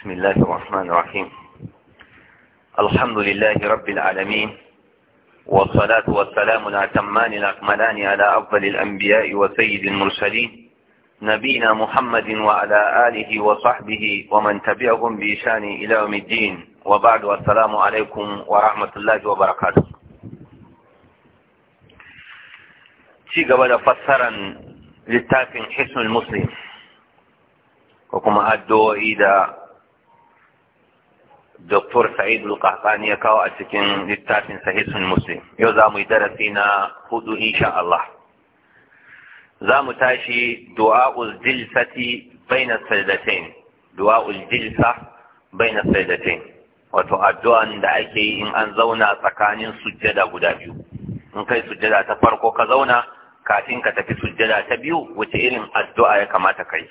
بسم الله الرحمن الرحيم الحمد لله رب العالمين والصلاة والسلام الأتمان الأكملان على أفضل الأنبياء وسيد المرسلين نبينا محمد وعلى آله وصحبه ومن تبعهم بإشان إلى يوم الدين وبعد والسلام عليكم ورحمة الله وبركاته شيء قبل فسرا للتاكن حسن المسلم وكما kuma إذا Dr. Sa'idu al ya kawo a cikin littafin Sahihul Muslim yau za mu yi darasi na hudu insha Allah za mu tashi du'a'ul jilsati baina sajdatain du'a'ul jilsa baina sajdatain wato addu'an da ake yi in an zauna tsakanin sujada guda biyu in kai sujjada ta farko ka zauna kafin ka tafi sujada ta biyu wace irin addu'a ya kamata kai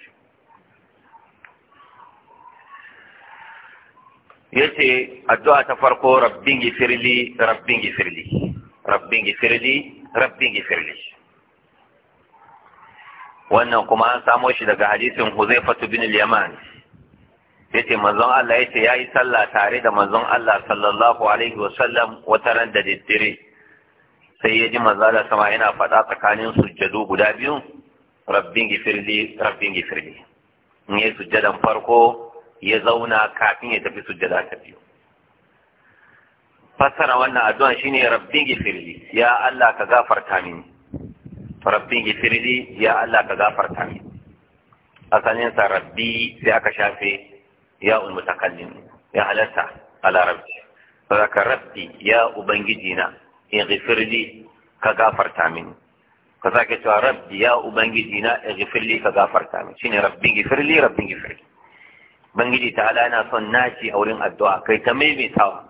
yace addu'a ta farko rabbin gifirli rabbin gifirli rabbin gifirli rabbin gifirli wannan kuma an samo shi daga hadisin Huzaifatu bin al-Yaman yace manzon Allah yace yayi sallah tare da manzon Allah sallallahu alaihi wasallam wata ran da daddare sai ya ji manzon Allah sama yana faɗa tsakanin sujjadu guda biyu rabbin gifirli rabbin gifirli ne sujjadan farko ya zauna kafin ya tafi sujjada ta biyu fassara wannan addu'an shine rabbin gifirli ya Allah ka gafarta mini rabbin gifirli ya Allah ka gafarta mini asalin sa rabbi sai aka shafe ya ul mutakallim ya halatta ala rabbi saboda rabbi ya ubangiji na in gifirli ka gafarta mini ka sake cewa rabbi ya ubangiji na in gifirli ka gafarta mini shine rabbin gifirli rabbin gifirli bangiji ta ala yana son nashi a wurin addu'a kai ta maimaitawa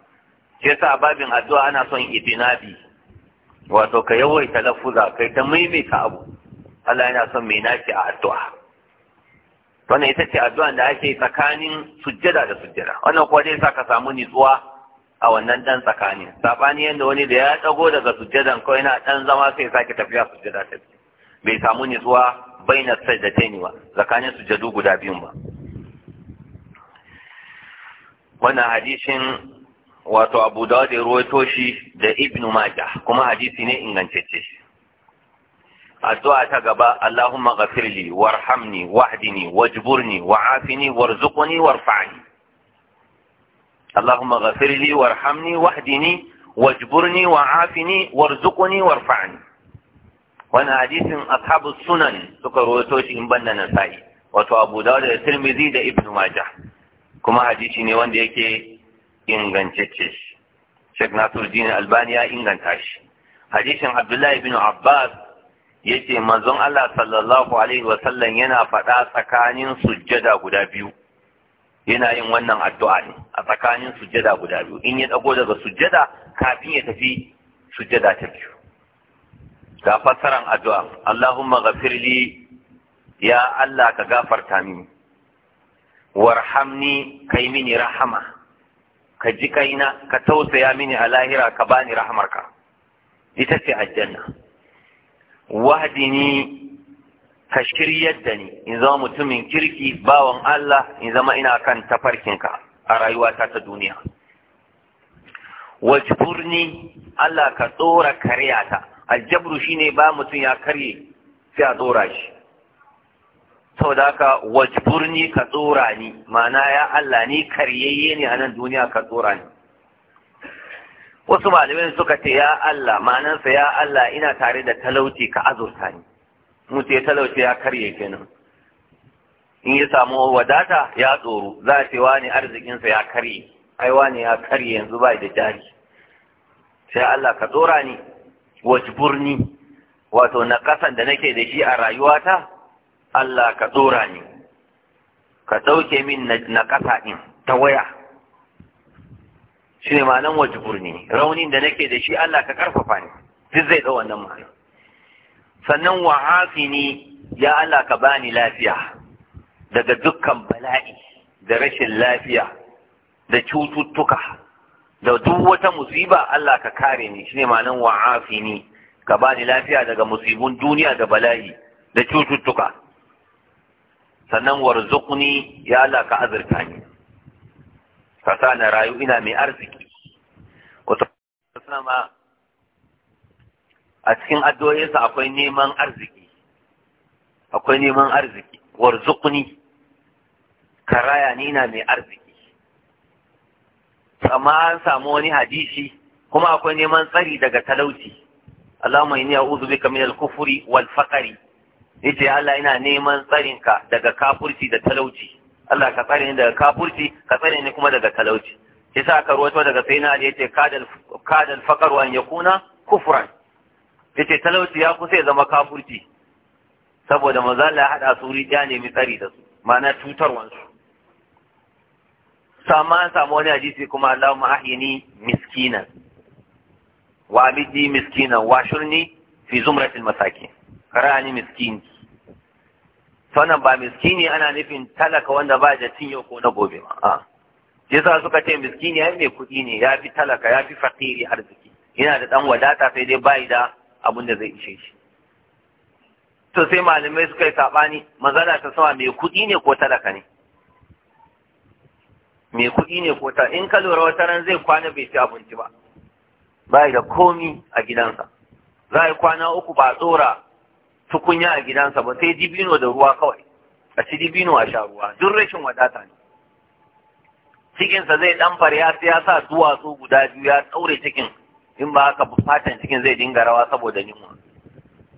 shi yasa a babin addu'a ana son itinabi wato ka ta lafuza kai ta maimaita abu Allah yana son mai nashi a addu'a wannan ita ce addu'a da ake tsakanin sujjada da sujjada wannan kuwa zai sa ka samu nitsuwa a wannan dan tsakanin sabani yanda wani da ya dago daga sujjadan kawai yana dan zama sai sake tafiya sujjada ta bai samu nitsuwa bainar sajdatayni ba tsakanin sujjadu guda biyun ba wannan hadisin wato abu dawud ya ruwaito shi da ibnu maja kuma hadisi ne ingantacce addu'a ta gaba allahumma ghafirli warhamni wahdini wajburni wa'afini warzuqni warfa'ni allahumma ghafirli warhamni wahdini wajburni wa'afini warzuqni warfa'ni wannan hadisin ashabu sunan suka ruwaito shi in banda nasa'i wato abu dawud da tirmidhi da ibnu maja. kuma hadisi ne wanda yake ingantacce shi Sheikh Nasiruddin Albani ya inganta shi hadisin Abdullahi bin Abbas yace manzon Allah sallallahu alaihi wasallam yana faɗa tsakanin sujjada guda biyu yana yin wannan addu'a ne a tsakanin sujjada guda biyu in ya dago daga sujjada kafin ya tafi sujjada ta biyu ga fassaran addu'a Allahumma ghafirli ya Allah ka gafarta mini warhamni kai mini rahama ka ji kaina ka tausaya mini a lahira ka bani rahamarka ita ce aljanna ni ka shiryar da ni in zama mutumin kirki bawan Allah in zama ina kan tafarkinka a rayuwata ta duniya wajburni Allah ka tsora ta? aljabru shine ba mutum ya karye sai a tsora shi Sau saboda haka wajburni ka tsora ni ma'ana ya Allah ni karyayye ne a nan duniya ka tsora ni wasu malamai suka ce ya Allah ma'anansa ya Allah ina tare da talauci ka azurta ni mutu ya talauci ya karye kenan in ya samu wadata ya tsoro za a ce wani arzikinsa ya karye ai wani ya karye yanzu bai da jari sai Allah ka tsora ni wajburni wato na kasan da nake da shi a rayuwata Allah ka tsora ni ka ɗauke min na ƙasa ɗin ta waya shi ne nan wajibur ne raunin da nake da shi Allah ka ƙarfafa ni duk zai ɗau wannan ma'ana sannan wa ni, ya Allah ka bani lafiya daga dukkan bala'i da rashin lafiya da cututtuka da duk wata musiba Allah ka kare ni Shi shine ma'anan ni ka bani lafiya daga musibun duniya da bala'i da cututtuka sannan warzuqni ya Allah ka azurta ni ka sa na rayu ina mai arziki wato sama a cikin addu'o'insa akwai neman arziki akwai neman arziki warzuqni ka raya ni ina mai arziki amma an samu wani hadisi kuma akwai neman tsari daga talauci Allahumma inni a'udhu bika min al-kufri wal faqri yace Allah ina neman tsarinka daga kafurci da talauci Allah ka tsare ni daga kafurci ka tsare ni kuma daga talauci yasa ka ruwato daga sayyidina Ali yace kadal kadal faqar wa an yakuna kufran yace talauci ya kusa ya zama kafurci saboda manzo Allah ya hada su riya ne mi tsari da su ma'ana cutarwan su sama samu wani hadisi kuma Allahumma ahyini miskinan wa abidni miskinan wa shurni fi zumratil masakin karani miskini wannan ba miskini ana nufin talaka wanda ba da cinye ko na gobe ba a yasa suka ce miskini ai mai kuɗi ne ya fi talaka ya fi fakiri arziki yana da ɗan wadata sai dai bayi da abin da zai ishe shi to sai malamai suka yi saɓani magana ta sama mai kuɗi ne ko talaka ne mai kuɗi ne ko ta in ka lura wata ran zai kwana bai ci abinci ba bai da komi a gidansa za a yi kwana uku ba tsora tukunya a gidansa ba sai dibino da ruwa kawai a ci dibino a sha ruwa duk rashin wadata ne cikinsa zai dan farya sai ya sa duwatsu guda biyu ya daure cikin in ba haka fatan cikin zai dinga rawa saboda yunwa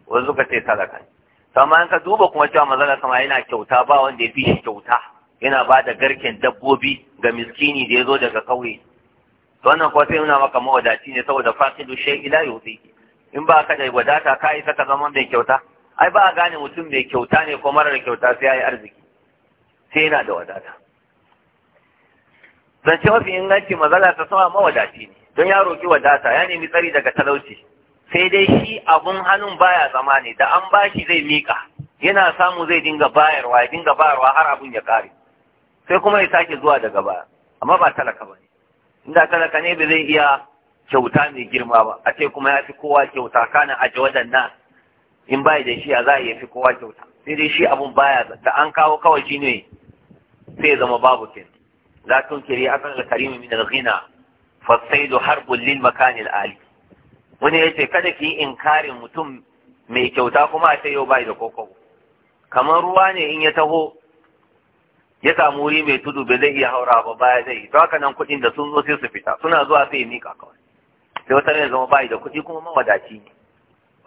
Wanzu ka ce talaka ne amma an ka duba kuma cewa manzon sama yana kyauta ba wanda ya fi shi kyauta yana ba da garken dabbobi ga miskini da ya zo daga kauye to wannan kuwa sai nuna maka mawadaci ne saboda fasidu shay ila yuti in ba ka da wadata ka isa ka zama mai kyauta ai ba a gane mutum mai kyauta ne ko marar kyauta sai ya yi arziki sai yana da wadata zance mafi inganci mazala ta sama mawadaci ne don ya roƙi wadata ya nemi tsari daga talauci sai dai shi abun hannun baya zama ne da an bashi zai miƙa yana samu zai dinga bayarwa ya dinga bayarwa har abun ya ƙare sai kuma ya sake zuwa daga baya amma ba talaka ba ne inda talaka ne ba zai iya kyauta mai girma ba a ce kuma ya fi kowa kyauta kana a jawadan nas in bai da shi a za a iya fi kowa kyauta sai dai shi abun baya da an kawo kawai shi ne sai zama babu kin kiri tunkiri akan alkarim min alghina saidu harbun lil al ali wani yace kada ki inkarin mutum mai kyauta kuma a ce yau bai da koko kamar ruwa ne in ya taho ya samu wuri mai tudu bai zai iya haura ba baya zai to haka nan kuɗin da sun zo sai su fita suna zuwa sai ya mika kawai sai wata ne zama bai da kuɗi kuma mawadaci ne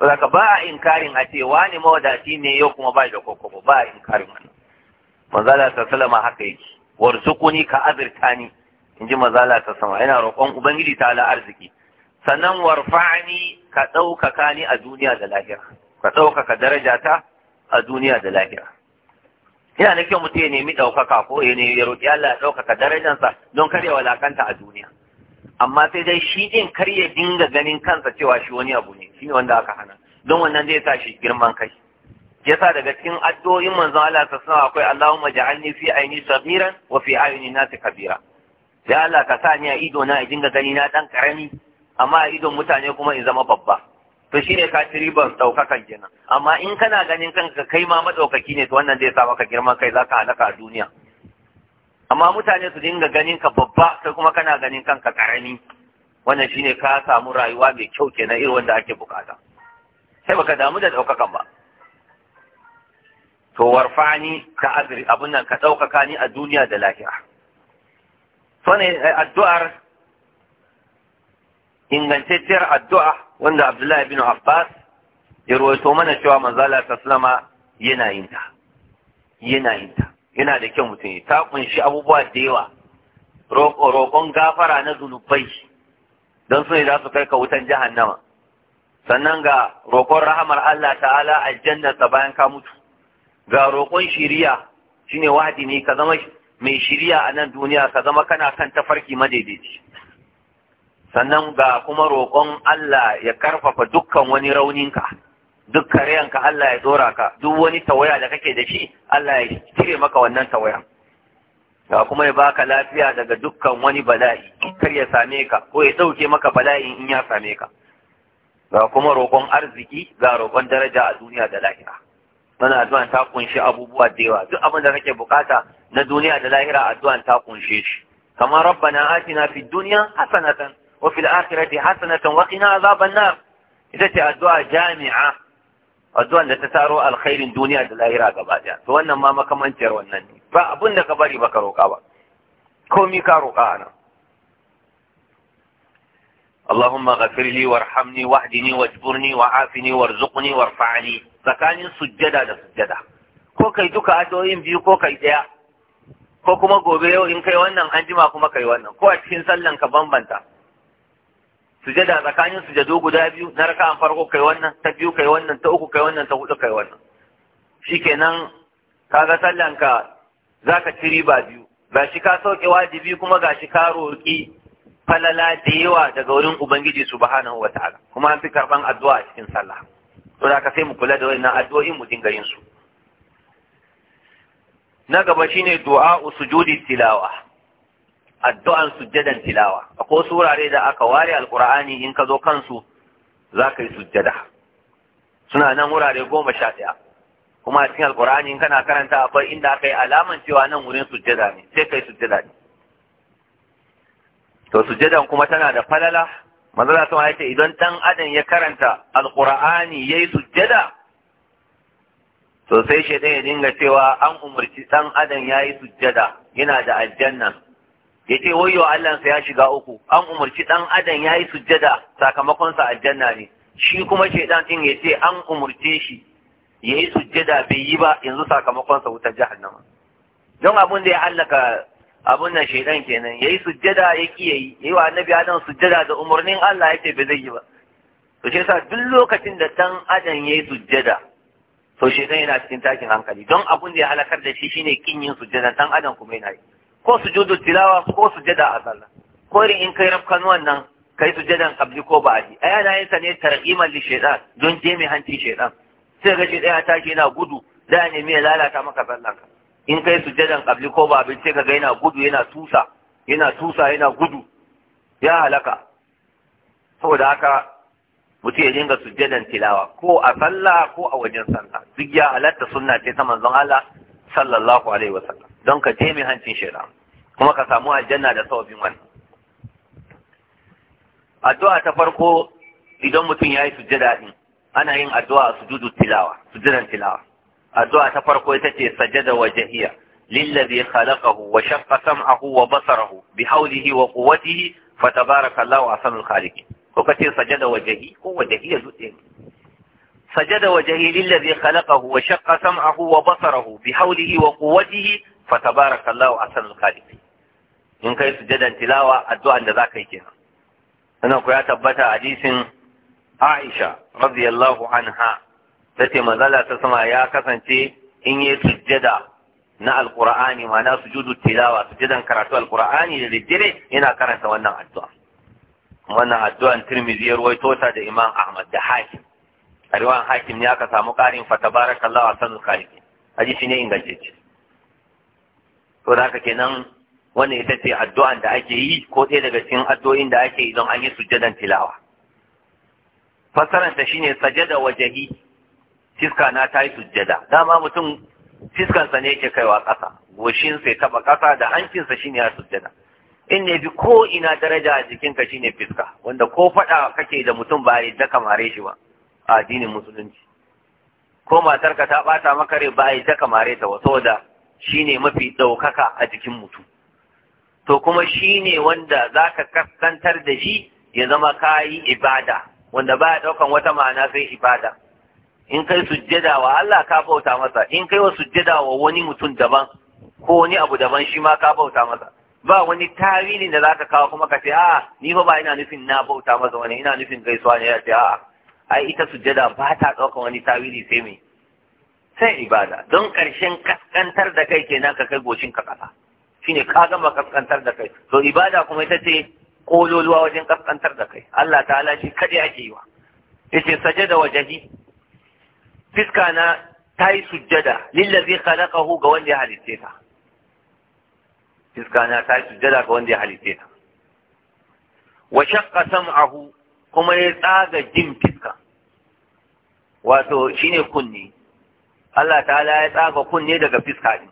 Saka ba a inkarin a ce wani mawadaci ne yau kuma ba da kokobo ba a inkarin wannan. Manzala ta salama haka yake. Warzukuni ka azirta ni in ji manzala ta sama yana roƙon Ubangiji ta ala arziki. Sannan warfa'ani ka ɗaukaka ni a duniya da lahira. Ka ɗaukaka daraja ta a duniya da lahira. Ina da kyau mutum ya nemi ɗaukaka ko ya ya roƙi Allah ya ɗaukaka darajansa don kar ya walakanta a duniya. amma sai dai shi din kar ya dinga ganin kansa cewa shi wani abu ne Shi ne wanda aka hana don wannan zai sa shi girman kai yasa daga cikin addu'o'in manzon Allah ta sanar akwai Allahumma ja'alni fi aini sabiran wa fi ayuni nasi kabira ya Allah ka sa ni a ido na dinga gani na dan karami amma a idon mutane kuma in zama babba to shine ka ci ɗaukakan kenan amma in kana ganin kanka kai ma madaukaki ne to wannan zai sa maka girman kai zaka halaka a duniya amma mutane su dinga ganin ka babba kai kuma kana ganin kanka karami wannan shine ka samu rayuwa mai kyau kenan irin wanda ake bukata sai baka damu da daukakan ba to warfani ka azri abun nan ka daukaka ni a duniya da lahira to ne eh, addu'ar ingantacciyar addu'a wanda Abdullahi bin Abbas ya ruwaito mana cewa manzala ta sallama yana yin ta yana yin ta yana da kyau mutum ta kunshi abubuwa da yawa roƙon gafara na zunubai don su ne za su kai ka wutan jahannama sannan ga roƙon rahamar Allah ta'ala aljannarsa bayan ka mutu ga roƙon shiriya shine wahadi ne ka zama mai shiriya a nan duniya ka zama kana kan tafarki madaidaici sannan ga kuma roƙon Allah ya karfafa dukkan wani rauninka duk ka Allah ya dora ka duk wani tawaya da kake da shi Allah ya cire maka wannan tawayan ga kuma ya baka lafiya daga dukkan wani bala'i kar ya same ka ko ya dauke maka bala'in in ya same ka ga kuma roƙon arziki ga roƙon daraja a duniya da lahira wannan addu'an ta kunshi abubuwa da yawa duk abin da kake bukata na duniya da lahira addu'an ta kunshe shi kamar rabbana atina fid dunya hasanatan wa fil akhirati hasanatan wa qina azaban nar ita ce addu'a jami'a addu'an da ta taro alkhairin duniya da lahira gaba daya to wannan ma makamanciyar wannan ne ba abin da ka bari ba ka roƙa ba komi ka roƙa ana Allahumma ghafir warhamni wahdini wajburni wa'afini warzuqni warfa'ni tsakanin sujjada da sujjada ko kai duka addu'o'in biyu ko kai daya ko kuma gobe yau in kai wannan an kuma kai wannan ko a cikin sallan ka bambanta sujada tsakanin sujado guda biyu na raka'an farko kai wannan ta biyu kai wannan ta uku kai wannan ta hudu kai wannan shikenan kaga sallanka zaka ci riba biyu gashi ka sauke wajibi kuma gashi ka roki falala da yawa daga wurin ubangiji subhanahu wataala kuma an fi karban addu'a a cikin sallah to da ka sai mu kula da wannan addu'o'in mu dinga yin su na gaba shine du'a usujudi tilawa addu'an sujjadan tilawa akwai surare da aka ware alqur'ani in ka zo kansu za ka yi sujjada suna nan wurare goma sha ɗaya kuma cikin alkur'ani in kana karanta akwai inda aka yi alaman cewa nan wurin sujjada ne sai kai sujjada ne to sujjadan kuma tana da falala manzala sun haice idan dan adam ya karanta alkur'ani ya yi sujjada to sai shaidan ya dinga cewa an umarci ɗan adam ya yi sujjada yana da aljanna ya ce wayo Allahnsa ya shiga uku an umarci ɗan adam ya yi sujjada sakamakonsa aljanna ne shi kuma shaidan ɗin ya ce an umarce shi ya yi sujjada bai yi ba yanzu sakamakonsa wutar jahannama don abin da ya hallaka abin nan shaidan kenan ya yi sujjada ya ki yayi yi wa annabi adam sujjada da umarnin Allah ya ce bai zai yi ba to shi yasa duk lokacin da ɗan adam ya yi sujjada to shaidan yana cikin takin hankali don abin da ya halakar da shi shine kin yin sujjada ɗan adam kuma yana yi ko su sujudu tilawa ko sujada a sallah ko irin in kai rafkan wannan kai sujadan kabli ko ba'di aya na yin sa ne tarqiman li shaytan don je mai hanci shaytan sai ga shi daya tashi yana gudu da ne ya lalata maka sallah in kai sujadan kabli ko ba'di sai ga yana gudu yana tusa yana tusa yana gudu ya halaka saboda haka mutum ya dinga sujjadan tilawa ko a sallah ko a wajen sallah duk ya halatta sunna ce ta manzon Allah sallallahu alaihi wasallam don ka je mai hancin shaidan kuma ka samu aljanna da sawabin wannan addu'a ta farko idan mutum ya yi sujjada din ana yin addu'a a sujudu tilawa sujudan tilawa addu'a ta farko ita ce Sajjada sajada wajhiya lillazi khalaqahu wa shaqqa sam'ahu wa basarahu bi hawlihi wa quwwatihi fatabarakallahu ahsanul khaliqin ko kace sajada wajhi ko wajhiya dutse sajada wajhi lillazi khalaqahu wa shaqqa sam'ahu wa basarahu bi hawlihi wa quwwatihi fa tabarakallahu ahsanul khaliqin in kai sujadan tilawa addu'an da zaka yi kenan sannan ku ya tabbata hadisin Aisha radiyallahu anha tace manzala ta sama ya kasance in yi sujjada na alqur'ani ma'ana sujudu tilawa sujadan karatu alqur'ani da daddare yana karanta wannan addu'a wannan addu'an Tirmidhi ya ruwaito da Imam Ahmad da Hakim a riwayan Hakim ne aka samu karin fa tabarakallahu ahsanul khaliqin hadisi ne ingantacce to da haka kenan wannan ita ce addu'an da ake yi ko ɗaya daga cikin addu'o'in da ake don an yi sujjadan tilawa fassaran ta shine sajada wajahi fiska na ta yi sujjada dama mutum fiskansa ne yake kaiwa ƙasa goshin sai taɓa ƙasa da hancinsa shine ya sujjada in ne bi ko ina daraja a jikinka shine fiska wanda ko faɗa kake da mutum ba yadda kamare shi ba a addinin musulunci ko matarka ta ɓata maka rai ba yadda kamare ta ba saboda shine mafi ɗaukaka a jikin mutum to kuma shine wanda za ka kaskantar da shi ya zama kayi ibada wanda baya ɗaukan wata ma'ana sai ibada in kai sujjada wa Allah ka bauta masa in kai wa sujjada wa wani mutum daban ko wani abu daban shi ma ka bauta masa ba wani tarihi da za ka kawo kuma ka ce a'a ah, ni fa ba ina nufin na bauta masa wani ina nufin gaisuwa ne ya ce a'a ai ita sujjada ba ta ɗaukan wani tarihi sai me sai ibada don ƙarshen kaskantar da kai ke ka kai goshin ka ƙasa ne ka gama kaskantar da kai to ibada kuma ita ce kololuwa wajen kaskantar da kai Allah ta shi kaɗai ake yi wa yace waje wajahi fiska na ta yi sujjada lillazi khalaqahu ga wanda ya halitte ta fiska na ta yi sujjada ga wanda ya halitte ta wa shaqqa sam'ahu kuma ya tsaga jin fiska wato shine kunni Allah ta'ala ya tsaga kunne daga fiska ɗin.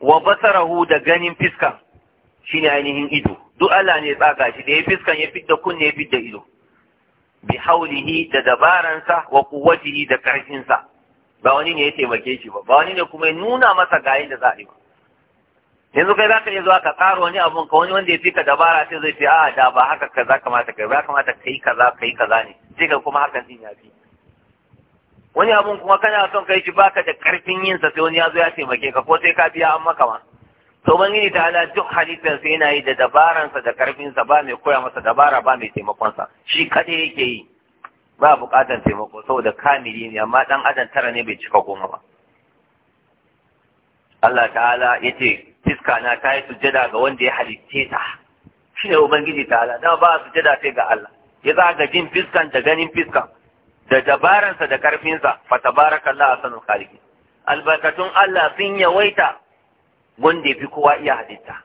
wa basarahu da ganin shi shine ainihin ido duk Allah ne ya tsaga shi da ya fiskan ya fidda kunne ya fidda ido bi haulihi da dabaransa wa kuwatihi da ƙarfinsa, ba wani ne ya taimake shi ba ba wani ne kuma ya nuna masa ga da za a yi ba yanzu kai zaka iya zuwa ka tsara wani abun ka wani wanda ya fi ka dabara sai zai fi a da ba haka za kamata kai ba kamata kai kaza kai kaza ne sai ka kuma hakan din ya fi wani abun kuma kana son kai shi baka da karfin yin sa sai wani ya ya taimake ka ko sai ka biya an maka ma to ubangiji ta ala duk halitta sa yana yi da dabaransa da karfin sa ba mai koya masa dabara ba mai taimakon sa shi kadai yake yi ba buƙatar taimako saboda kamili ne amma dan adam tara ne bai cika goma ba Allah ta'ala ya ce fiska na ta yi sujjada ga wanda ya halitte ta shi ne ubangiji ta'ala dama ba sujjada sai ga Allah ya za jin fiskan da ganin fiskan da dabaransa da karfinsa fa Allah ahsanul khaliqin albarkatun Allah sun yawaita wanda fi kowa iya halitta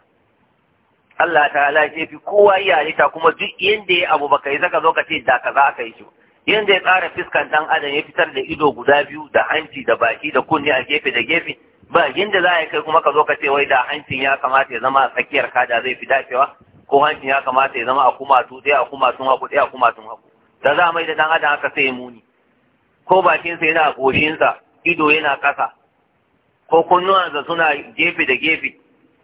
Allah ta'ala ya fi kowa iya halitta kuma duk yanda ya abu baka yi saka zo ka ce da za ka yi shi yanda ya tsara fiskan dan adam ya fitar da ido guda biyu da hanci da baki da kunne a gefe da gefe ba yanda za a kai kuma ka zo ka ce wai da hancin ya kamata ya zama a tsakiyar kada zai fi dacewa ko hancin ya kamata ya zama a kuma tu ɗaya a kuma tun hagu ɗaya a kuma tun hagu da za mai da dan adam haka sai muni ko bakinsa yana sa ido yana ƙasa ko kunnuwansa suna gefe da gefe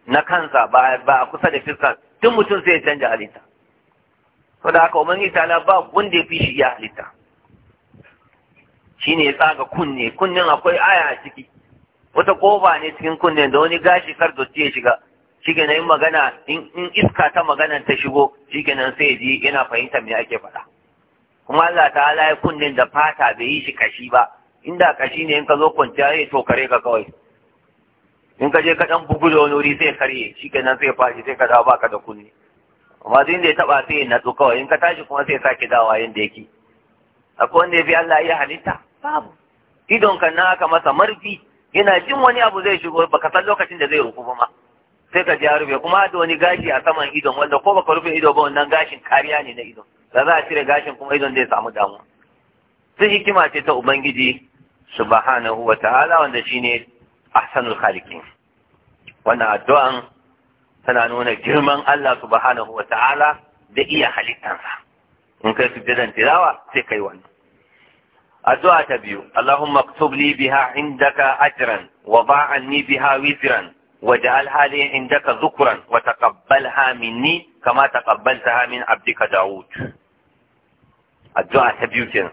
na kansa ba a kusa da fiskar tun mutum sai ya canja halitta to da haka umarni ta ba wanda ya fi shi ya halitta shine ya tsaga kunne kunnen akwai aya a ciki wata koba ne cikin kunne da wani gashi kar dotti ya shiga shike na yin magana in iska ta magana ta shigo shike nan sai ji yana fahimta me ake faɗa kuma Allah ta'ala ya kunnen da fata bai yi shi kashi ba inda kashi ne in ka zo kwanciya zai to kare ka kawai in ka je ka dan bugu da wani wuri sai karye nan sai fashi sai ka dawo baka da kunne amma duk inda ya taba sai ya natsu kawai in ka tashi kuma sai sake dawa yanda yake akwai wanda ya fi Allah ya halitta babu idon kan na aka masa marfi yana jin wani abu zai shigo baka san lokacin da zai rufu ba ma sai ka ji ya rufe kuma da wani gashi a saman idon wanda ko baka rufe ido ba wannan gashin kariya ne na idon da za a cire gashin kuma idon zai samu damuwa sai hikima ce ta ubangiji subhanahu wa ta'ala wanda shine ahsanul khaliqin wannan addu'an tana nuna girman Allah subhanahu wa ta'ala da iya halittansa in kai sujjadan tilawa sai kai wannan addu'a ta biyu Allahumma aktub li biha indaka ajran wa ba'anni biha wizran waj'al hali indaka dhukran wa taqabbalha minni kama taqabbaltaha min abdika daud addu'a ta biyu kenan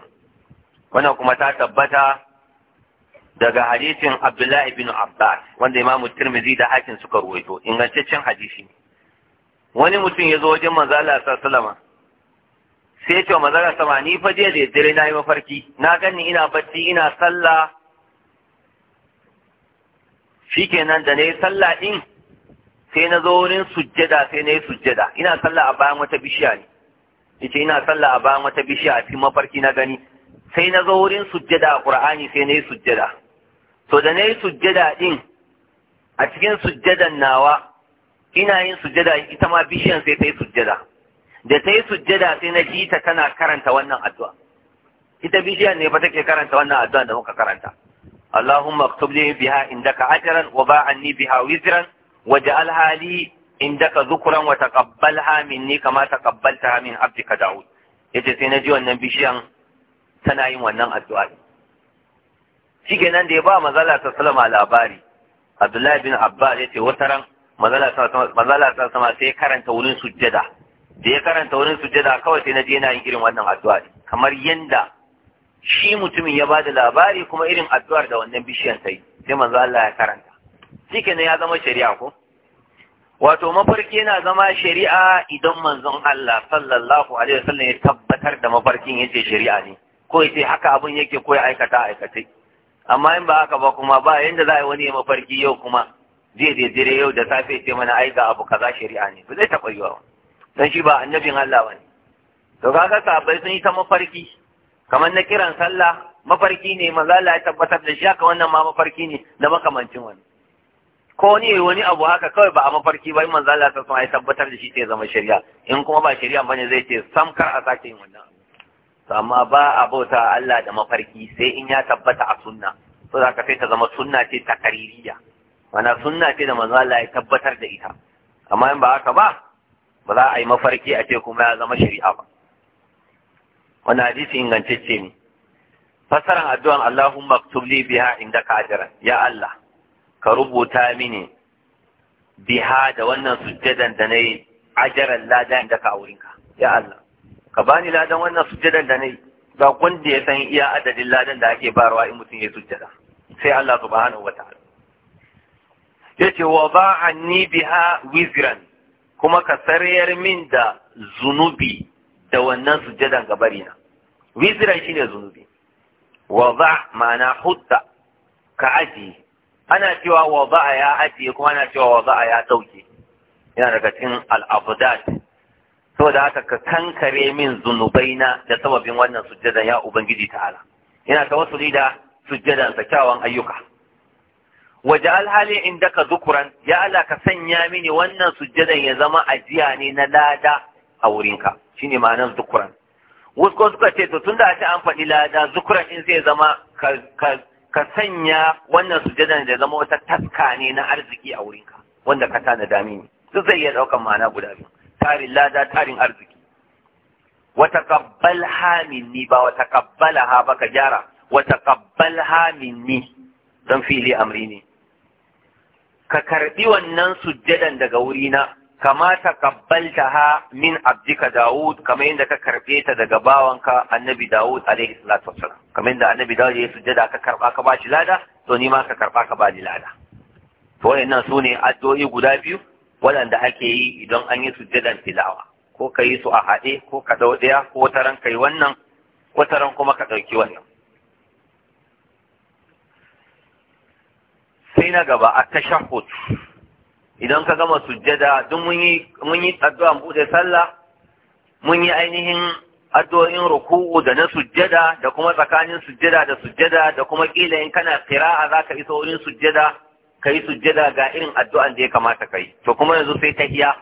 wannan kuma ta tabbata daga hadisin Abdullahi bin Abbas wanda Imam Tirmidhi da Hakim suka ruwaito ingantaccen hadisi wani mutum ya zo wajen manzo Allah sallallahu sai ya ce wa manzo Allah sama ni fa je da dare na yi mafarki na gani ina bacci ina sallah shikenan da nayi sallah din sai na zo wurin sujjada sai nayi sujjada ina sallah a bayan wata bishiya ne yace ina sallah a bayan wata bishiya a cikin mafarki na gani sai na zo wurin sujjada a Qur'ani sai nayi sujjada to da nayi sujjada din a cikin sujjadan nawa ina yin sujjada ita ma bishiyan sai ta yi sujjada da ta yi sujjada sai na ji ta tana karanta wannan addu'a ita bishiyan ne ba take karanta wannan addu'a da muka karanta اللهم اكتب لي بها عندك أجرا وباعني بها وزرا واجعلها لي عندك ذكرا وتقبلها مني كما تقبلتها من عبدك داود yace sai na ji wannan bishiyan tana yin wannan addu'a nan da ya ba mazala ta salama labari Abdullahi bin Abbas yace wata ran mazala ta sama sai karanta wurin sujjada da ya karanta wurin sujjada kawai sai na je yana yin irin wannan addu'a kamar yanda shi mutumin ya bada labari kuma irin addu'ar da wannan bishiyar ta yi sai manzo Allah ya karanta kenan ya zama shari'a ko wato mafarki yana zama shari'a idan manzon Allah sallallahu alaihi wasallam ya tabbatar da mafarkin yace shari'a ne ko yace haka abun yake ko ya aikata amma in ba haka ba kuma ba yanda za a yi wani mafarki yau kuma zai dire yau da safe ce mana ai ga abu kaza shari'a ne ba zai taɓa yiwa dan shi ba annabin Allah bane to kaga sabai sun yi ta mafarki kamar na kiran sallah mafarki ne maza Allah ya tabbatar da shi haka wannan ma mafarki ne da makamancin wani ko ne wani abu haka kawai ba a mafarki ba in manzo Allah sallallahu ya tabbatar da shi sai zama shari'a in kuma ba shari'a bane zai ce sam kar a sake yin wannan abu amma ba a bauta Allah da mafarki sai in ya tabbata a sunna to zaka sai ta zama sunna ce ta kaririya mana sunna ce da manzo Allah ya tabbatar da ita amma in ba haka ba ba za a yi mafarki a ce kuma ya zama shari'a ba wani hadisi ingantacce ne fasaran addu'an Allahumma maktub li biha indaka ajran ya Allah ka rubuta mini biha da wannan sujjadan da nayi ajran lada indaka a wurinka ya Allah ka bani ladan wannan sujjadan da nayi ba wanda ya san iya adadin ladan da ake barwa in mutum ya sujjada sai Allah subhanahu wataala yace wa ba'anni biha wizran kuma ka sarayar min da zunubi da wannan sujjadan gabarina shi shine zunubi wada ma'ana hudda ka aji ana cewa wada ya aji kuma ana cewa wada ya dauke yana daga cikin al'abudat saboda haka ka kankare min zunubaina da sababin wannan sujjadan ya ubangiji ta'ala yana wasu da sujjadan sa kyawawan ayyuka waje alhali inda ka zukuran ya Allah ka sanya mini wannan sujjadan ya zama ajiya ne na lada a wurinka shine ma'anar zukuran wasu suka ce to tunda a ce an faɗi lada zukuran in zai zama ka sanya wannan sujadan da zama wata taska ne na arziki a wurinka wanda ka tana dami ne duk zai iya ɗaukan ma'ana guda biyu tarin lada tarin arziki wata kabbal hamini ba wata kabbala ha ba ka gyara wata kabbal hamini don fili amri ne ka karɓi wannan sujadan daga wurina kama ha min abdika Dawud kama yadda ka karbe ta daga bawanka Annabi Dawud alaihi salatu wassalam kama yadda Annabi Dawud ya sujjada ka karba ka bashi lada to ni ma ka karba ka bani lada to wayannan sune addu'o'i guda biyu waɗanda ake yi idan an yi sujjadan tilawa ko ka yi su a haɗe ko ka dau ɗaya ko wata ran kai wannan wata ran kuma ka ɗauki wannan sai na gaba a tashahhud idan ka gama sujjada duk mun yi mun addu'an bude sallah mun yi ainihin addu'o'in ruku'u da na sujjada da kuma tsakanin sujjada da sujjada da kuma kila in kana qira'a zaka iso wurin sujjada kai sujjada ga irin addu'an da ya kamata kai to kuma yanzu sai tahiya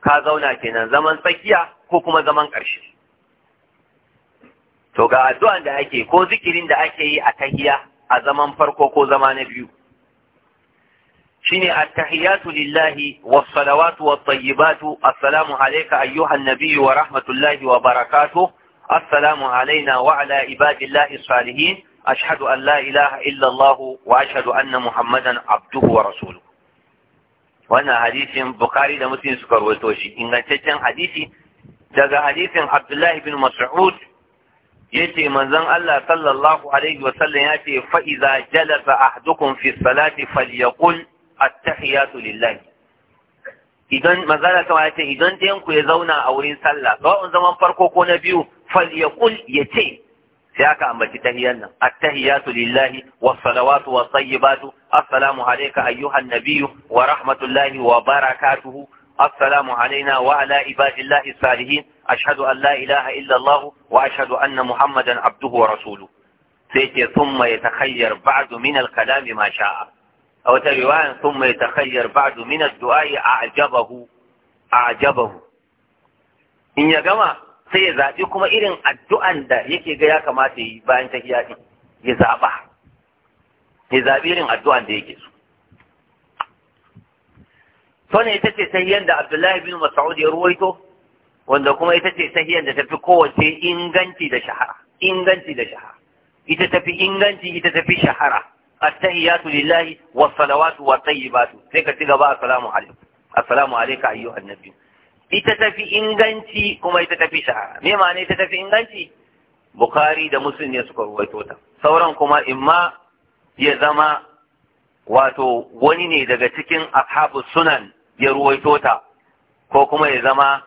ka zauna kenan zaman tsakiya ko kuma zaman ƙarshe to ga addu'an da ake ko zikirin da ake yi a tahiya a zaman farko ko zama na biyu shine attahiyatu lillahi was-salawatu wat-tayyibatu assalamu alayka ayyuhan nabiyyu wa rahmatullahi wa barakatuh assalamu alayna wa ala ibadillahi salihin ashhadu an la ilaha illa Allah wa ashhadu anna muhammadan abduhu wa rasuluhu wannan hadisin bukari da muslim suka rawaito shi ingantaccen hadisi daga hadisin abdullahi bin mas'ud yace manzon Allah sallallahu alaihi wa sallam yace fa idza jalasa ahdukum fi salati falyaqul attahiyatu lillahi idan manzala kama ya ce idan ɗayan ku ya zauna a wurin sallah sawa'un zaman farko ko na biyu fal ya kul ya ce sai aka ambaci tahiyan nan attahiyatu lillahi wasalawatu salawatu was tayyibatu assalamu alayka ayyuhan nabiyyu wa rahmatullahi wa barakatuhu السلام علينا وعلى عباد الله الصالحين أشهد أن لا إله إلا الله وأشهد أن محمدا عبده ورسوله سيتي ثم يتخير بعد من الكلام ما شاء a wata riwayan sun mai takhayyar ba'du min ad-du'a'i a'jabahu a'jabahu in ya gama sai ya zaɓi kuma irin addu'an da yake ga ya kamata yi bayan ta hiyaɗi ya zaɓa ya zaɓi irin addu'an da yake so to ne ita ce sahiyan da abdullahi bin mas'ud ya ruwaito wanda kuma ita ce sahiyan da tafi kowace inganci da shahara inganci da shahara ita tafi inganci ita tafi shahara attahiyatu lillahi was salawatu wat tayyibatu sai ka ci gaba assalamu alaikum assalamu alayka ayyuhan nabiy ita tafi inganci kuma ita tafi sha me ma'ana ita tafi inganci bukhari da muslim ne suka ruwaito ta sauran kuma imma ya zama wato wani ne daga cikin ashabu sunan ya ruwaito ta ko kuma ya zama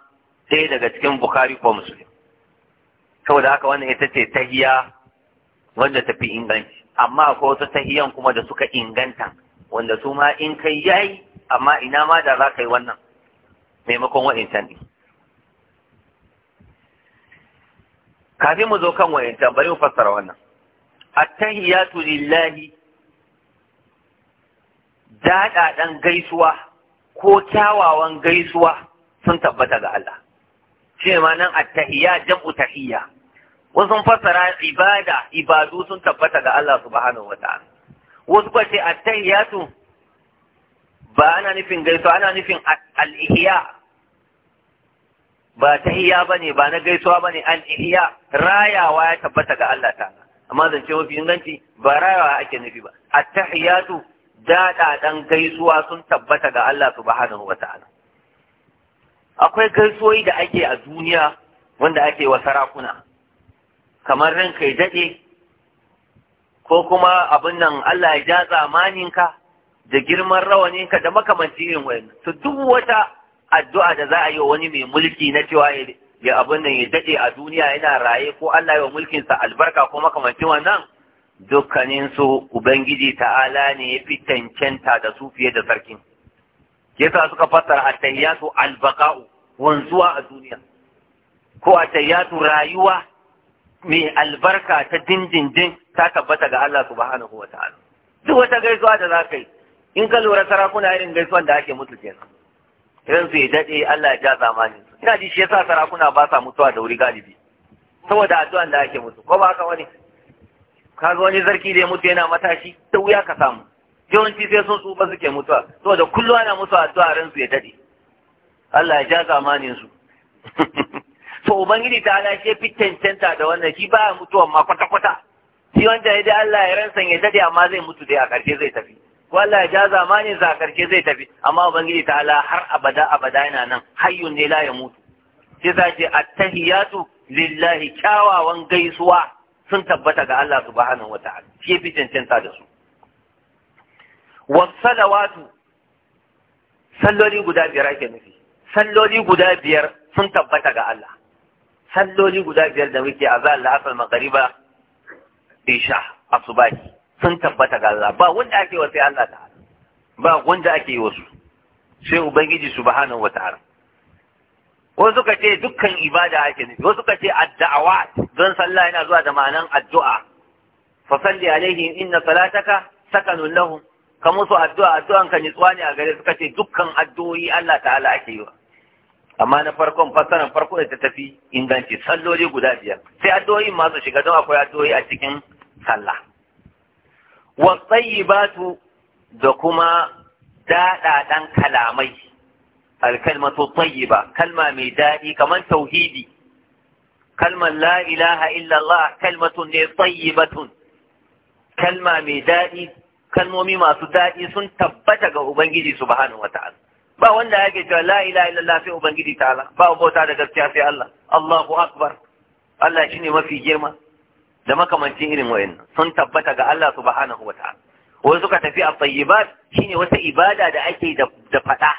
sai daga cikin bukhari ko muslim saboda haka wannan ita ce tahiya wanda tafi inganci amma akwai wasu tahiyan kuma da suka inganta wanda su ma in kai yayi amma ina ma da za ka yi wannan maimakon wa'incan ne kafin mu zo kan wa'incan bari mu fassara wannan attahiyatu lillahi daɗaɗan gaisuwa ko kyawawan gaisuwa sun tabbata ga Allah shi ma nan attahiyya jam'u tahiyya wasu fassara ibada ibadu sun tabbata ga Allah subhanahu wa ta'ala wasu kwace attahiyatu ba ana nufin gaisuwa ana nufin al-ihya ba tahiyya bane ba na gaisuwa bane al-ihya rayawa ya tabbata ga Allah ta'ala amma zance mafi inganci ba rayawa ake nufi ba attahiyatu dan gaisuwa sun tabbata ga Allah subhanahu wa ta'ala akwai gaisuwoyi da ake a duniya wanda ake wa sarakuna kamar ran kai daɗe ko kuma abin nan Allah ya ja ka da girman rawaninka da makamanci irin wayan to duk wata addu'a da za a yi wani mai mulki na cewa ya abin nan ya daɗe a duniya yana raye ko Allah ya wa mulkinsa albarka ko makamancin wannan dukkanin su Ubangiji ta'ala ne ya fi cancanta da su fiye da sarkin. Yasa suka fassara a albaqa'u wanzuwa a duniya, ko a rayuwa mai albarka ta dindindin ta tabbata ga Allah subhanahu wa ta'ala duk wata gaisuwa da za ka yi in ka lura sarakuna irin gaisuwan da ake mutu kenan irin su ya daɗe Allah ya ja zamanin ina ji shi yasa sarakuna ba sa mutuwa da wuri galibi saboda addu'an da ake mutu ko ba haka wani ka zo wani zarki da ya mutu yana matashi ta wuya ka samu yawanci sai sun tsufa suke mutuwa saboda kullum ana mutuwa addu'a ran su ya daɗe Allah ya ja zamanin su to ubangiji ta ala shi fi cancanta da wannan shi ba mutuwa ma kwata kwata shi wanda ya ji Allah ya ransa ya dade amma zai mutu dai a karshe zai tafi ko Allah ya ja zamanin sa a karshe zai tafi amma ubangiji ta ala har abada abada yana nan hayyun ne la ya mutu sai ta ce attahiyatu lillahi kyawawan gaisuwa sun tabbata ga Allah subhanahu wata'ala shi fitan cancanta da su wasalawatu salloli guda biyar ake nufi salloli guda biyar sun tabbata ga Allah salloli guda biyar da muke a za'ar la'asar magariba isha asubahi sun tabbata ga Allah ba wanda ake wa sai Allah ta'ala ba wanda ake yi wasu sai ubangiji subhanahu wata'ala wasu suka ce dukkan ibada ake nufi wasu suka ce addu'a don sallah yana zuwa da ma'anan addu'a fa salli alaihim inna salataka sakanun lahum ka musu addu'a addu'an ka nitsuwa ne a gare suka ce dukkan addu'o'i Allah ta'ala ake yi wa amma na farkon fasaran farko da ta tafi inganci salloli guda biyar sai addu'o'in masu shiga don akwai addu'o'i a cikin sallah wasayyibatu da kuma daɗaɗan kalamai alkalmatu tayyiba kalma mai daɗi kamar tauhidi kalmar la ilaha illallah kalmatun ne tayyibatun kalma mai daɗi kalmomi masu daɗi sun tabbata ga ubangiji subhanahu wata'ala ba wanda yake cewa la ila, illallah sai ubangiji ta'ala ba bauta da gaskiya sai Allah Allahu akbar Allah shine mafi girma da makamancin irin wayannan sun tabbata ga Allah subhanahu wata'ala wani suka tafi a tayyibat shine wata ibada da ake da fada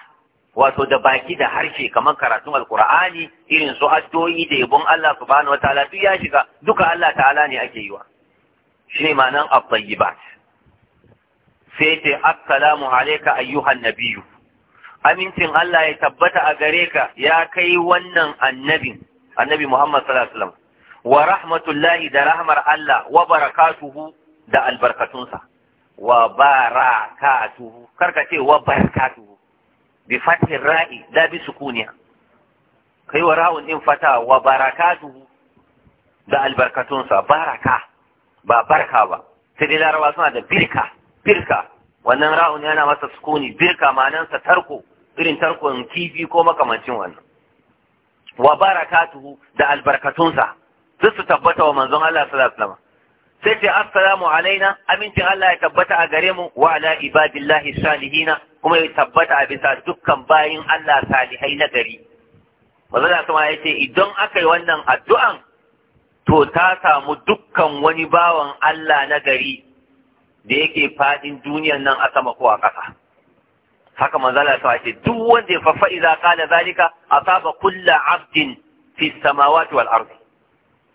wato da baki da harshe kamar karatun alkur'ani irin su addu'o'i da yabon Allah subhanahu wataala duk ya shiga duka Allah ta'ala ne ake yi wa shine ma'anan at-tayyibat sai ce assalamu alayka ayyuhan nabiyyu amincin Allah ya tabbata a gare ka ya kai wannan annabin annabi Muhammad sallallahu alaihi wa rahmatullahi da rahmar Allah wa barakatuhu da albarkatunsa wa barakatuhu karka ce wa barakatuhu bi fathir ra'i da bi sukuniya kai wa ra'un ɗin fata wa barakatuhu da albarkatunsa baraka ba barka ba sai dai suna da birka birka wannan ra'un yana masa sukuni birka manansa tarko irin tarkon kifi ko makamancin wannan wa barakatuhu da albarkatunsa duk su tabbata wa manzon Allah sallallahu alaihi wasallam sai ce assalamu alaina amincin Allah ya tabbata a gare mu wa ala ibadillahi salihina kuma ya tabbata a bisa dukkan bayin Allah salihai na gari manzon kuma ya ce idan aka yi wannan addu'an to ta samu dukkan wani bawan Allah na gari da yake fadin duniyan nan a sama ko a ƙasa haka manzala sa ce duk wanda ya faffa idza qala zalika asaba kullu abdin fi samawati wal ardi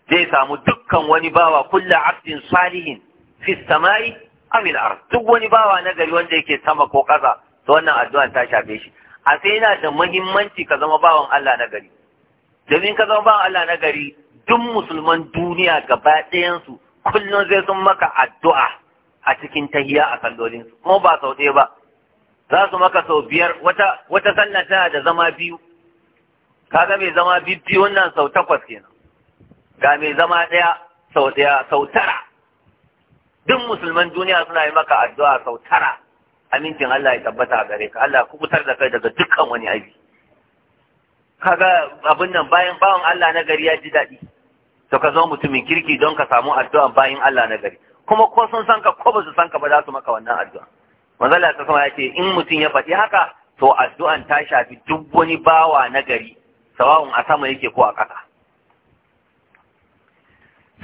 zai samu dukkan wani bawa kullu abdin salihin fi samai aw al ardi duk wani bawa na gari wanda yake sama ko ƙasa to wannan addu'a ta shafe shi a sai yana da muhimmanci ka zama bawan Allah na gari domin ka zama bawan Allah na gari duk musulman duniya gaba ɗayansu kullum zai sun maka addu'a a cikin tahiya a sallolin su kuma ba sau ɗaya ba za su maka sau biyar wata wata sallah tana da zama biyu kaga mai zama biyu wannan sau takwas kenan ga mai zama ɗaya sau ɗaya sau tara duk musulman duniya suna yi maka addu'a sau tara amincin Allah ya tabbata a gare ka Allah kubutar da kai daga dukkan wani aiki kaga abin nan bayan bawan Allah na gari ya ji daɗi to ka zo mutumin kirki don ka samu addu'a bayan Allah na gari kuma ko sun san ka ko ba su san ka ba za su maka wannan addu'a manzo Allah sama ya ce in mutum ya faɗi haka to addu'an ta shafi duk wani bawa na gari sawa'un a sama yake ko a ƙasa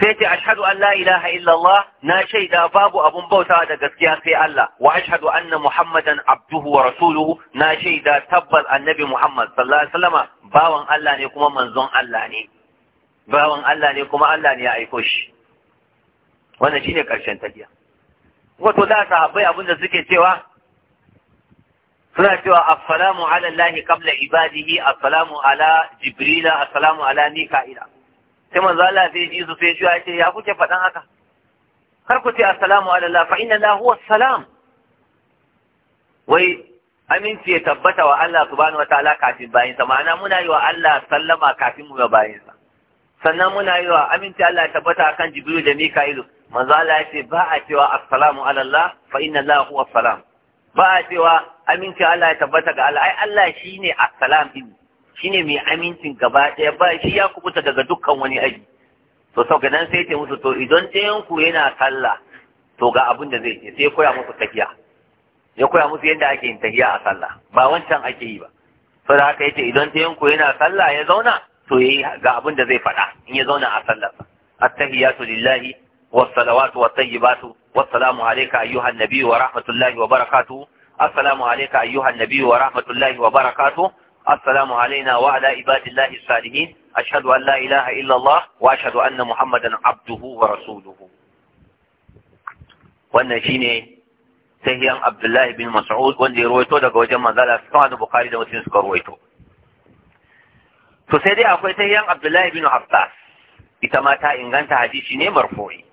sai ce ashhadu an la ilaha illallah na shaida babu abun bauta da gaskiya sai Allah wa ashhadu anna muhammadan abduhu wa rasuluhu na shaida tabbas annabi muhammad sallallahu alaihi wasallama bawan Allah ne kuma manzon Allah ne bawan Allah ne kuma Allah ne ya aiko shi wannan shine karshen tafiya wato da sahabbai abinda suke cewa suna cewa assalamu ala Allah qabla ibadihi assalamu ala jibrila assalamu ala mika'ila sai manzo Allah sai ji su sai ya ce ya kuke faɗan haka kar ku ce assalamu ala Allah fa inna Allah huwa salam wai aminci ya tabbata wa Allah subhanahu wa ta'ala kafin bayinsa ma'ana muna yi wa Allah sallama kafin mu ga bayinsa sannan muna yi wa aminci Allah ya tabbata akan jibril da mika'ilu manzo Allah ya ce ba a cewa assalamu ala Allah fa inna Allah huwa salam ba a cewa aminci Allah ya tabbata ga Allah ai Allah shine assalam din shine mai amincin gaba daya ba shi ya kubuta daga dukkan wani aji to sau nan sai ce musu to idan ɗayan ku yana sallah to ga abin da zai ce sai koya musu tafiya ya koya musu yadda ake yin tafiya a sallah ba wancan ake yi ba to da haka yace idan ɗayan ku yana sallah ya zauna to yayi ga abin da zai faɗa in ya zauna a sallah at-tahiyatu lillahi والصلوات والطيبات والسلام عليك أيها النبي ورحمة الله وبركاته السلام عليك أيها النبي ورحمة الله وبركاته السلام علينا وعلى عباد الله الصالحين أشهد أن لا إله إلا الله وأشهد أن محمدا عبده ورسوله wannan shine sahihan Abdullahi bin Mas'ud wanda ya ruwaito daga wajen manzala Sufyan Bukhari da Muslim suka ruwaito to sai dai akwai sahihan Abdullahi bin Abbas ita ma ta inganta hadisi ne marfu'i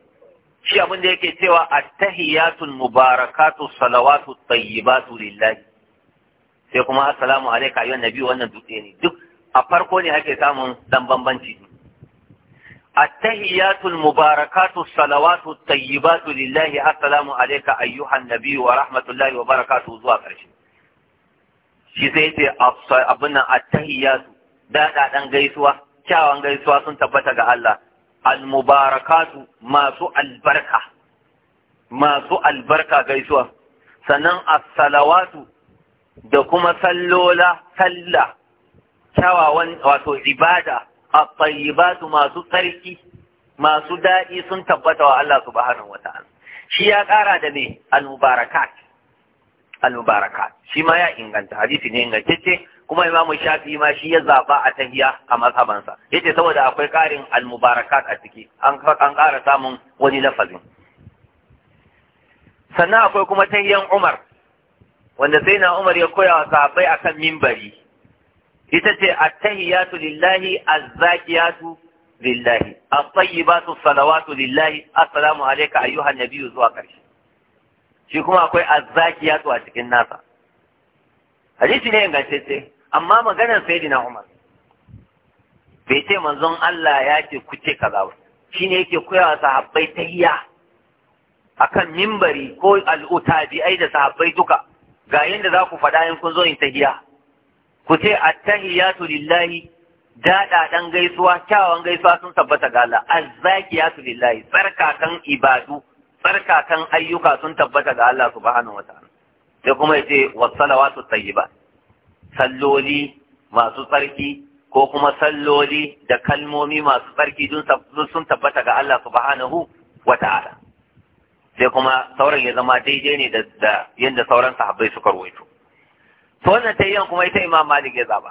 shi abin da yake cewa attahiyatul mubarakatu salawatu tayyibatu lillahi sai kuma assalamu alayka ayyuhan nabi wannan dutse ne duk a farko ne ake samun dan bambanci attahiyatul mubarakatu salawatu tayyibatu lillahi assalamu alayka ayyuhan nabi wa rahmatullahi wa barakatuhu zuwa karshe shi sai yace abin nan attahiyatu da da dan gaisuwa kyawan gaisuwa sun tabbata ga Allah almubarakatu masu albarka masu albarka gaisuwa sannan assalawatu da kuma sallola salla kyawawan wato ibada at-tayyibatu masu tsarki masu daɗi sun tabbata wa Allah subhanahu wata'ala shi ya ƙara da me al-mubarakat al shi ma ya inganta hadisi ne ingantacce kuma imamu shafi ma shi ya zaba a tahiya a mazhabansa yace saboda akwai karin al-mubarakat a ciki an an ƙara samun wani lafazin sannan akwai kuma tahiyan Umar wanda sai na Umar ya koya wa sahabbai akan mimbari ita ce at-tahiyatu lillahi az-zakiyatu lillahi at-tayyibatu salawatu lillahi assalamu alayka ayyuhan nabiyyu zuwa karshe shi kuma akwai az-zakiyatu a cikin nasa hadisi ne ingantacce amma maganar sayyidina Umar bai ce manzon Allah ya ce ku ce kaza ba shine yake koyawa sahabbai tayya akan mimbari ko ai da sahabbai duka ga yanda za ku faɗa in kun zo in tahiya ku ce attahiyatu lillahi daɗaɗan gaisuwa kyawawan gaisuwa sun tabbata ga Allah tsarka lillahi tsarkakan ibadu kan ayyuka sun tabbata ga Allah subhanahu wa ta'ala sai kuma yace wassalawatu tayyibat salloli masu tsarki ko kuma salloli da kalmomi masu tsarki sun tabbata ga Allah subhanahu wa ta'ala sai kuma sauran ya zama daidai ne da yadda sauran sahabbai suka ruwaito to wannan yi kuma ita imam malik ya zaba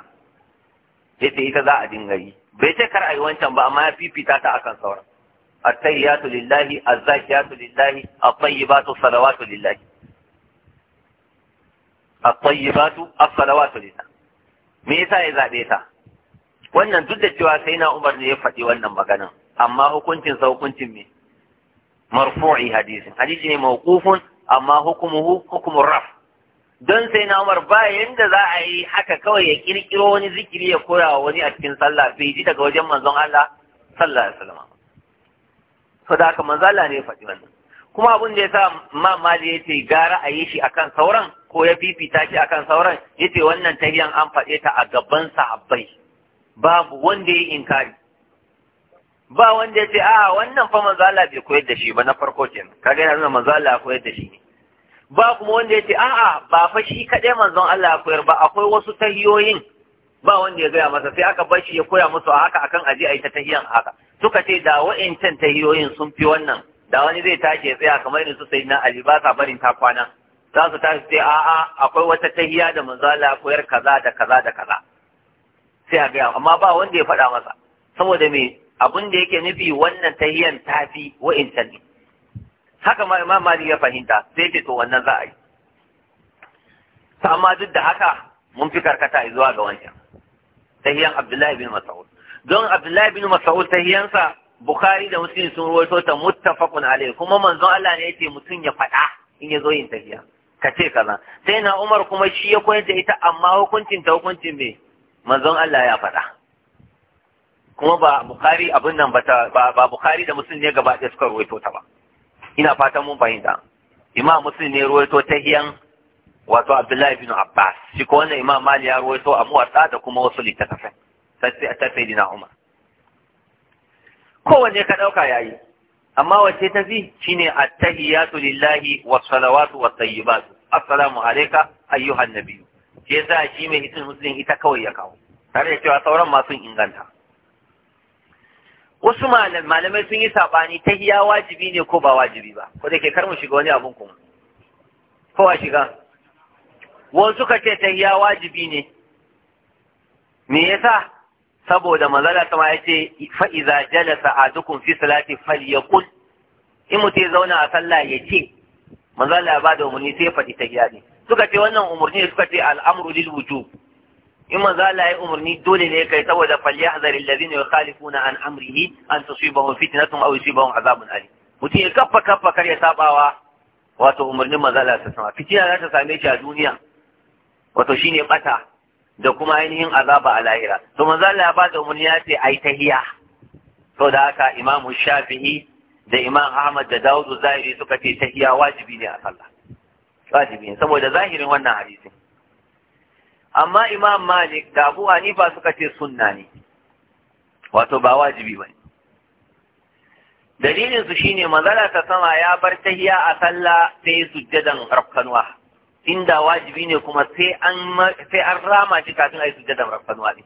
yace ita za a dinga yi bai ce kar a yi wancan ba amma ya fifita ta akan sauran at-tayyatu lillahi az-zakiyatu lillahi at-tayyibatu salawatu lillahi at-tayyibatu as-salawatu lillah me yasa ya zabe ta wannan duk da cewa sai na Umar ne ya faɗi wannan maganan amma hukuncin sa hukuncin me marfu'i hadisin hadisi ne mawqufun amma hukumuhu hukumur raf don sai na Umar ba yanda za a yi haka kawai ya kirkiro wani zikiri ya koya wa wani a cikin sallah bai ji daga wajen manzon Allah sallallahu alaihi wasallam so da haka manzon ne ya faɗi wannan kuma abin da ya sa ma mali ya ce gara a yi shi akan sauran ko ya fifita shi akan sauran yace wannan tahiyan an faɗe ta a gaban sahabbai babu wanda ya inkari ba wanda ya ce a wannan fa manzo Allah bai koyar da shi ba na farko kenan kaga yana nuna manzo Allah ya koyar da shi ne ba kuma wanda ya ce a'a ba fa shi kadai manzon Allah ya koyar ba akwai wasu tahiyoyin ba wanda ya gaya masa sai aka bar shi ya koya musu a haka akan aje ayi ta tahiyan haka suka ce da wa'incan tahiyoyin sun fi wannan da wani zai tashi ya tsaya kamar irin su sayyidina Ali ba sa barin ta kwana za su tashi sai a'a akwai wata tahiya da manzo Allah koyar kaza da kaza da kaza sai a gaya amma ba wanda ya faɗa masa saboda me abin da yake nufi wannan tahiyan tafi wa intani haka ma imam mali ya fahimta sai ce to wannan za a yi amma duk da haka mun fi karkata zuwa ga wancan tahiyan abdullahi bin mas'ud don abdullahi bin mas'ud tahiyansa bukhari da muslim sun ruwaito ta muttafaqun alaihi kuma manzon Allah ne yace mutun ya faɗa in ya zo yin tahiya ka ce kaza sai na Umar kuma shi ya koyar da ita amma hukuncin ta hukuncin me manzon Allah ya faɗa kuma ba Bukhari abin nan ba ba Bukhari da Muslim ne gaba ɗaya suka ruwaito ta ba ina fatan mun fahimta Imam Muslim ne ruwaito ta hiyan wato Abdullahi bin Abbas shi ko wannan Imam Mali ya ruwaito a muwatta da kuma wasu littafai ta Sayyidina Umar kowanne ka ɗauka yayi amma wace ta fi shine attahiyatu lillahi was salawatu was tayyibatu assalamu alayka ayyuhan nabiyyu ke za shi mai hitin muslim ita kawai ya kawo tare da cewa sauran ma sun inganta wasu malamai sun yi saɓani ta hiya wajibi ne ko ba wajibi ba ko da ke kar mu shiga wani abun kuma Ko wa shiga wasu suka ce ta hiya wajibi ne me yasa saboda manzala ta ya ce fa iza jalasa dukun fi salati falyakul in mutum ya zauna a sallah ya ce manzo Allah ya bada umarni sai faɗi ta gida ne suka ce wannan umurni suka ce al'amru lil wujub in manzo Allah ya umarni dole ne kai saboda falyahzaril alladhina yukhalifuna an amrihi an tusibahum fitnatun aw yusibahum azabun alim mutum ya kaffa kaffa kar ya sabawa wato umarnin manzo Allah ta sama fitina za ta same shi a duniya wato shine bata da kuma ainihin azaba a lahira to manzo Allah ya bada umarni ya ce ai tahiya saboda haka imamu shafi'i da imam ahmad da dawudu zahiri suka ce tahiya wajibi ne a sallah wajibi ne saboda zahirin wannan hadisin amma imam malik da abu hanifa suka ce sunna ne wato ba wajibi ba ne dalilin su shine mazala ta sama ya bar tahiya a sallah sai sujjadan rakkanwa inda wajibi ne kuma sai an sai an rama shi kafin ayi sujjadan rakkanwa ne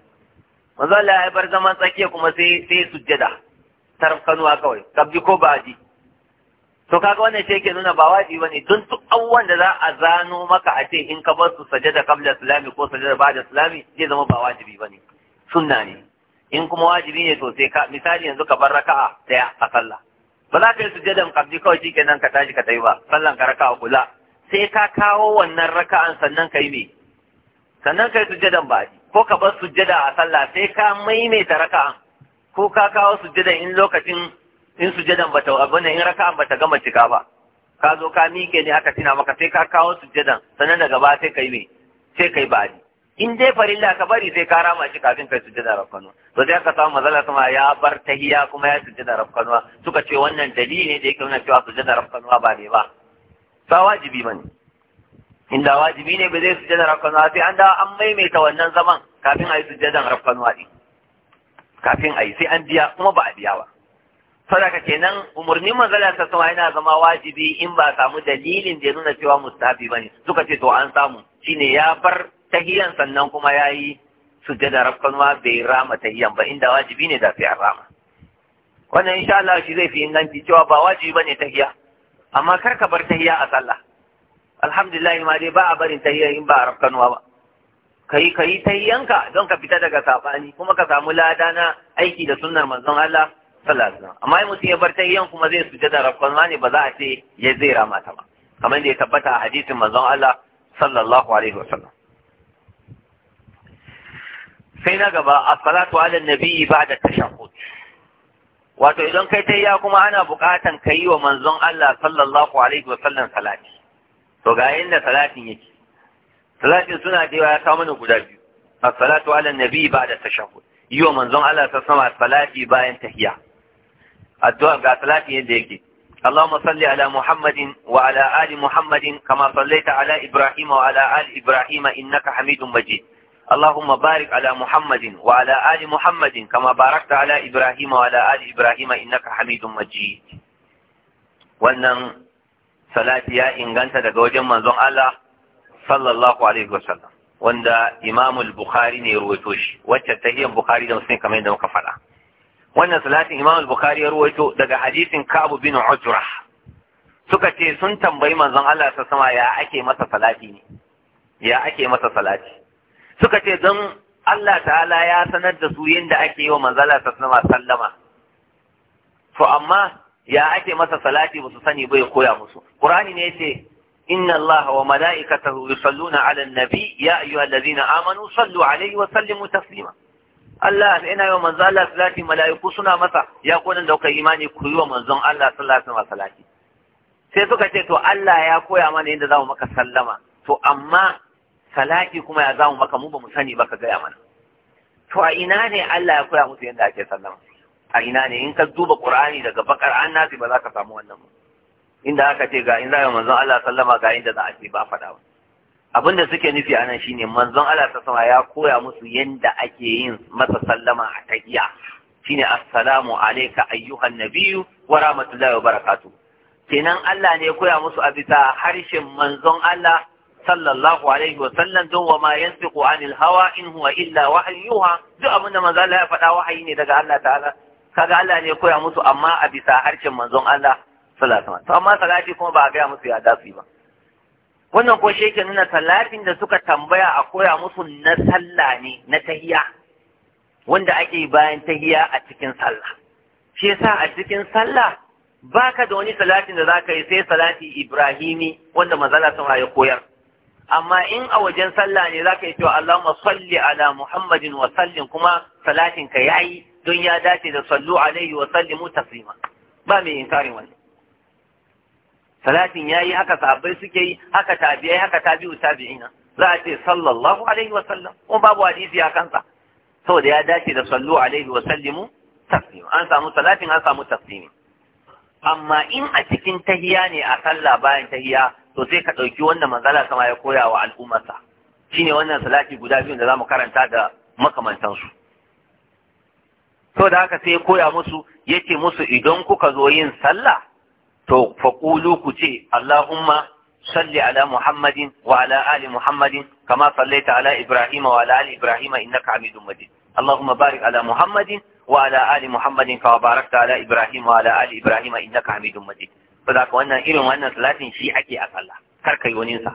mazala ya bar zaman tsakiya kuma sai sai sujjada kanuwa kawai kabji ko ji to kaga wannan shi yake nuna ba wajibi bane don duk abubuwan da za a zano maka a ce in ka bar su sajada kabla salami ko sajada ba'da salami zai zama ba wajibi bane sunna ne in kuma wajibi ne to sai ka misali yanzu ka bar raka'a daya a sallah ba za ka yi sujadan kabji kawai shikenan ka tashi ka tayi ba sallan ka raka'a kula sai ka kawo wannan raka'an sannan ka yi me sannan ka yi sujadan ko ka bar sujada a sallah sai ka maimaita raka'an ko ka kawo sujjadan in lokacin in sujjadan abu ne in raka'an bata gama cika ba ka zo ka mike ne aka tina maka sai ka kawo sujjadan sannan daga ba sai kai me sai kai ba'adi in dai farilla ka bari sai ka rama shi kafin kai sujjada rabbanu to sai aka samu mazala kuma ya bar tahiya kuma ya sujjada rabbanu suka ce wannan dalili ne da yake nuna cewa sujjada rabbanu ba ne ba ba wajibi In da wajibi ne ba zai sujjada rabbanu sai an da an maimaita wannan zaman kafin a yi sujjadan rabbanu din kafin a yi sai an biya kuma ba a biya ba sadaka kenan umarnin manzala ta sama yana zama wajibi in ba samu dalilin da ya nuna cewa ba bane suka ce to an samu shine ya bar tahiyan sannan kuma ya yayi sujjada rafkan ma bai rama tahiyan ba inda wajibi ne da sai an rama wannan insha Allah shi zai fi inganci cewa ba wajibi bane tahiya amma kar ka bar tahiya a sallah alhamdulillah ma dai ba a barin tahiya in ba a ba kai kai ta yanka don ka fita daga sabani kuma ka samu lada na aiki da sunnar manzon Allah sallallahu alaihi amma in mutum ya bar tayyan kuma zai sujada da ma ne ba za a ce ya zai rama ta ba kamar da ya tabbata a hadisin manzon Allah sallallahu alaihi wasallam sai na gaba as-salatu ala ba nabi ba'da tashahhud wato idan kai ta ya kuma ana bukatan ka yi wa manzon Allah sallallahu alaihi wasallam salati to ga yanda salatin yake salatin suna da yawa ya kawo mana guda biyu as-salatu ala nabi ba'da tashahhud yi Yiwa manzon Allah ta sama salati bayan tahiya addu'a ga salati yadda yake اللهم صل على محمد وعلى آل محمد كما صليت على إبراهيم وعلى آل إبراهيم إنك حميد مجيد اللهم بارك على محمد وعلى آل محمد كما باركت على إبراهيم وعلى آل إبراهيم إنك حميد مجيد wannan salati ya inganta daga wajen manzon Allah sallallahu alaihi wasallam wanda Imam al-Bukhari ne ya ruwaito shi wacce ta yi Bukhari da Muslim kamar yadda muka faɗa wannan salatin Imam al-Bukhari ya ruwaito daga hadisin Kabu bin Ujrah suka ce sun tambayi manzon Allah ta sama ya ake masa salati ne ya ake masa salati suka ce don Allah ta'ala ya sanar da su yadda ake yi wa manzon Allah ta sama sallama to amma ya ake masa salati ba su sani bai koya musu Qur'ani ne yace إن الله وملائكته يصلون على النبي يا أيها الذين آمنوا صلوا عليه وسلموا تسليما Allah ina yau manzo Allah salati mala'iku suna masa ya kodan da kai imani ku yi wa manzon Allah sallallahu alaihi salati sai suka ce to Allah ya koya mana yadda zamu maka sallama to amma salati kuma ya zamu maka mu ba mu sani ba ka gaya mana to a ina ne Allah ya koya musu yadda ake sallama a ina ne in ka duba Qur'ani daga bakar annasi ba za ka samu wannan ba inda aka ce ga in za a manzon Allah sallama ga inda za a ce ba faɗa ba abin da suke nufi a anan shine manzon Allah ta sama ya koya musu yadda ake yin masa sallama a tahiya shine assalamu alayka ayyuhan nabiyyu wa rahmatullahi wa barakatu. kenan Allah ne ya koya musu a bisa harshen manzon Allah sallallahu alaihi wa sallam don wa ma yantiqu anil hawa in huwa illa wahyuha duk abin da manzon Allah ya faɗa wahayi ne daga Allah ta'ala kaga Allah ne ya koya musu amma a bisa harshen manzon Allah sallallahu alaihi to amma salati kuma ba a gaya musu ya dasu ba wannan ko shi yake nuna salatin da suka tambaya a koya musu na sallah ne na tahiya wanda ake bayan tahiya a cikin sallah shi yasa a cikin sallah baka da wani salatin da zaka yi sai salati ibrahimi wanda manzala sama ya koyar amma in a wajen sallah ne zaka yi cewa Allahumma salli ala Muhammadin wa sallim kuma salatin ka yayi don ya dace da sallu alaihi wa sallimu taslima ba mai inkarin wannan salatin ya yi haka sahabbai suke yi haka tabi'ai haka tabi'u tabi'ina za a ce sallallahu alaihi wa sallam ko babu hadisi a kansa saboda ya dace da sallu alaihi wa sallimu taslim an samu salatin an samu taslimi amma in a cikin tahiya ne a sallah bayan tahiya to sai ka ɗauki wannan manzala sama ya koya wa al'ummarsa shine wannan salati guda biyu da zamu karanta da makamantansu to da haka sai ya koya musu yace musu idan kuka zo yin sallah to faƙulu ku ce Allahumma salli ala Muhammadin wa ala ali Muhammadin kama sallaita ala Ibrahim wa ala ali Ibrahim innaka Hamidum Majid Allahumma barik ala Muhammadin wa ala ali Muhammadin kama barakta ala Ibrahim wa ala ali Ibrahim innaka Hamidum Majid to da wannan irin wannan salatin shi ake a sallah kar kai wani sa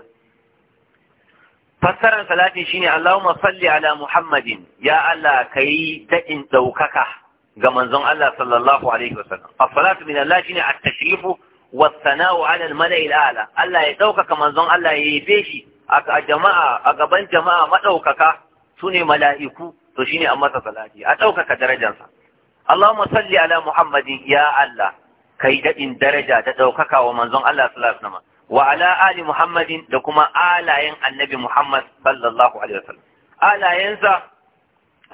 fassarar salatin shine Allahumma salli ala Muhammadin ya Allah kai dadin daukaka ga manzon Allah sallallahu alaihi wasallam as-salatu min Allah shine at-tashrifu was-sana'u 'ala al-mala'i al-a'la Allah ya daukaka manzon Allah ya yabe shi a jama'a a gaban jama'a madaukaka sune mala'iku to shine an masa salati a daukaka darajarsa Allahumma salli ala Muhammadin ya Allah kai dadin daraja da daukaka wa manzon Allah sallallahu alaihi wasallam wa ala ali Muhammadin da kuma alayen annabi Muhammad sallallahu alaihi wasallam alayensa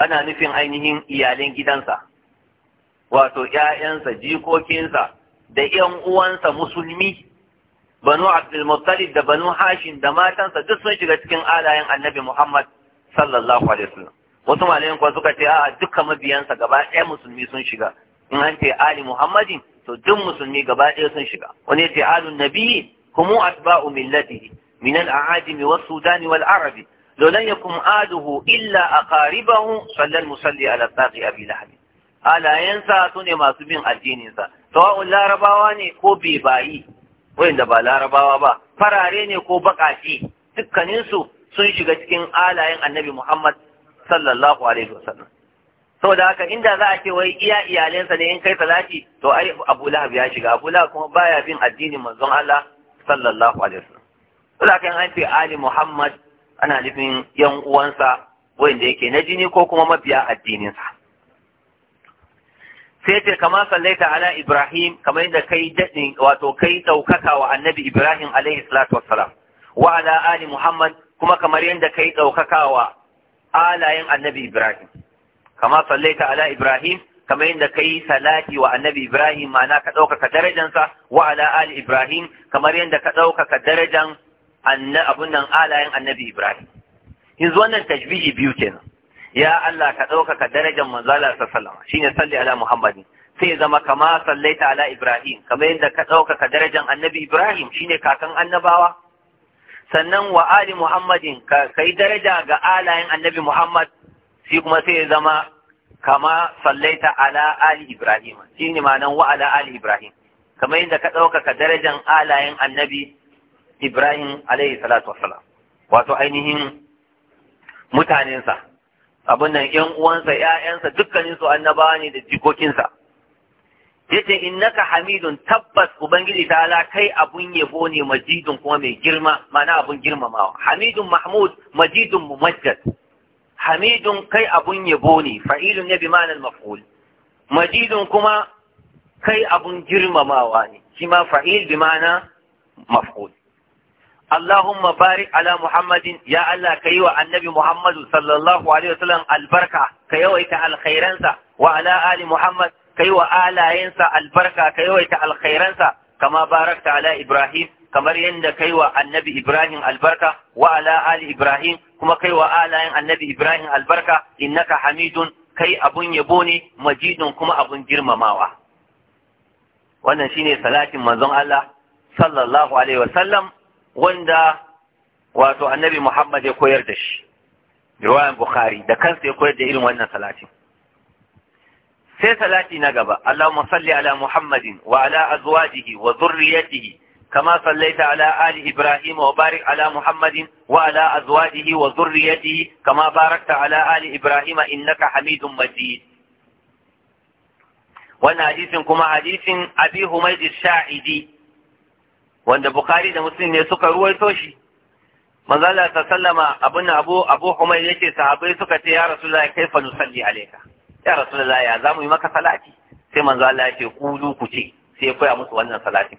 ana nufin ainihin iyalan gidansa wato ‘ya'yansa, jikokinsa, da ‘yan uwansa musulmi, banu Abdulmuttalib da banu Hashim da matansa duk sun shiga cikin alayen annabi Muhammad sallallahu Alaihi wasallam. Wasu malayin kuwa suka ce, a duka mabiyansa gaba ɗaya musulmi sun shiga, in an ce Ali Muhammadin, to duk musulmi gaba ɗaya sun shiga. Wani ce alun nabi kuma asba'u millatihi min al-ahadimi was-sudani wal-arabi. لو yakum aduhu illa akaribahu أقاربه musalli المصلي على الطاق أبي alayensa su ne masu bin addininsa sawa'un larabawa ne ko bebayi wanda ba larabawa ba farare ne ko baƙaƙe dukkaninsu sun shiga cikin alayen annabi muhammad sallallahu alaihi wasallam saboda haka inda za a ce wai iya iyalensa ne in kai salati to ai abu lahab ya shiga abu lahab kuma baya bin addinin manzon allah sallallahu alaihi wasallam saboda haka an ce ali muhammad ana nufin yan uwansa wanda yake na jini ko kuma mabiya addininsa sai ce kama sallaita ala Ibrahim kamar yadda kai daɗin wato kai ɗaukaka wa Annabi Ibrahim alaihi salatu wassalam wa ala ali Muhammad kuma kamar yadda kai ɗaukaka wa alayen Annabi Ibrahim kama sallaita ala Ibrahim kamar yadda kai salati wa Annabi Ibrahim ma'ana ka ɗaukaka darajansa wa ala ali Ibrahim kamar yadda ka ɗaukaka darajan abun nan alayen Annabi Ibrahim yanzu wannan tajbihi biyu kenan ya Allah ka ɗaukaka darajar manzala sa sallama shine salli ala muhammadin sai zama kama sallaita ala ibrahim kamar yadda ka ɗaukaka darajar annabi ibrahim shine kakan annabawa sannan wa ali muhammadin ka kai daraja ga alayen annabi muhammad shi kuma sai ya zama kama sallaita ala ali ibrahim shine ma'anan wa ala ali ibrahim kamar yadda ka ɗaukaka darajar alayen annabi ibrahim alaihi salatu wassalam wato ainihin mutanensa abin nan yan uwansa 'ya'yansa, dukkanin su annabawa ne da jikokinsa yace innaka hamidun tabbas ubangiji ta ala kai abun yabo ne majidun kuma mai girma mana abun girmamawa hamidun mahmud majidun mumajjad hamidun kai abun yabo ne fa'ilun ne bi ma'anar maf'ul majidun kuma kai abun girmamawa ne shi ma fa'il bi mana maf'ul Allahumma barik ala Muhammadin ya Allah ka wa annabi Muhammadu sallallahu alaihi wasallam albarka ka yawaita alkhairansa wa ala ali Muhammad ka wa alayensa albarka ka yawaita alkhairansa kama barakta ala Ibrahim kamar yadda kai wa annabi Ibrahim albarka wa ala ali Ibrahim kuma kai wa alayen annabi Ibrahim albarka innaka hamidun kai abun yabo ne majidun kuma abun girmamawa wannan shine salatin manzon Allah sallallahu alaihi wasallam wanda wato annabi Muhammad ya koyar da shi, riwayan Bukhari da kansa ya koyar da irin wannan salati. Sai salati na gaba, Allahumma salli ala Muhammadin wa ala azwajihi wa zurriyatihi kama sallaita ala ali Ibrahim wa barik ala Muhammadin wa ala azwajihi wa zurriyatihi kama barakta ala ali Ibrahim ka Hamidum Majid. Wannan hadisin kuma hadisin Abi Humaydi Sha'idi wanda Bukhari da Muslim ne suka ruwaito shi manzo Allah ta sallama abin Abu Abu Humayr yake sahabbai suka ce ya Rasulullahi kaifa nusalli alayka ya Rasulullahi ya zamu yi maka salati sai Manzala ya yake kulu ku ce sai ya koya musu wannan salatin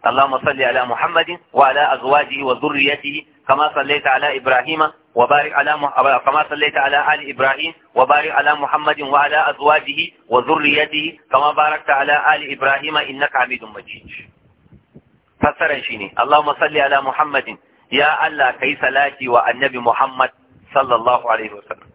اللهم صل على محمد وعلى أزواجه وذريته كما صليت على إبراهيم وبارك على مح... كما صليت على آل إبراهيم وبارك على محمد وعلى أزواجه وذريته كما باركت على آل إبراهيم إنك عميد مجيد fassaran shi ne Allahumma salli ala Muhammadin ya Allah kai salati wa annabi Muhammad sallallahu alaihi wasallam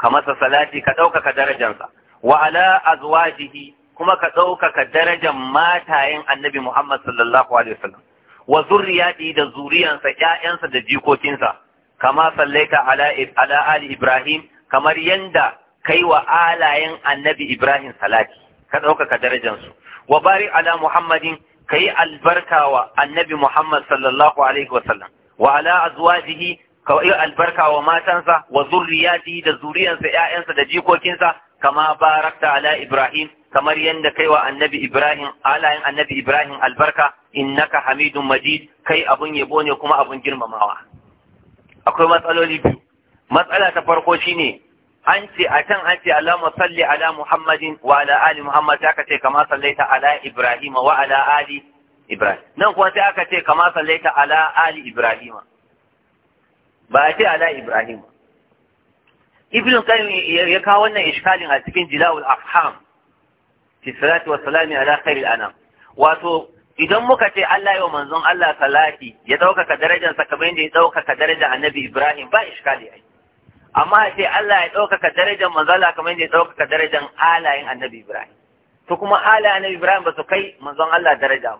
ka masa salati ka ɗaukaka darajansa wa ala azwajihi kuma ka ɗaukaka darajan matayen annabi Muhammad sallallahu alaihi wasallam wa zurriyati da zuriyansa ƴaƴansa da jikokinsa kama sallaita ala ala ali Ibrahim kamar yanda kai wa alayen annabi Ibrahim salati ka ɗaukaka darajansu wa bari ala Muhammadin ka yi albarka wa annabi Muhammad sallallahu alaihi wasallam wa ala azwajihi ka yi albarka wa matansa wa zurriyatihi da zuriyansa 'ya'yansa da jikokinsa kama barakta ala Ibrahim kamar yadda kai wa annabi Ibrahim alayin annabi Ibrahim albarka innaka hamidun majid kai abun yabo ne kuma abun girmamawa akwai matsaloli biyu matsala ta farko shine an ce a can an ce Allahumma salli ala Muhammadin wa ala ali Muhammad aka ce kama sallaita ala Ibrahim wa ala ali Ibrahim nan kuma sai aka ce kama sallaita ala ali Ibrahim ba a ce ala Ibrahim Ibn Qayyim ya kawo wannan iskalin a cikin Jilawul Afham fi salatu wa salami ala khairil anam wato idan muka ce Allah yau manzon Allah salati ya ɗaukaka darajarsa kamar yadda ya ɗaukaka darajar annabi Ibrahim ba iskali ai amma ce Allah ya ɗaukaka darajar manzala kamar yadda ya ɗaukaka darajar halayen annabi Ibrahim to kuma halayen annabi Ibrahim ba su kai manzon Allah daraja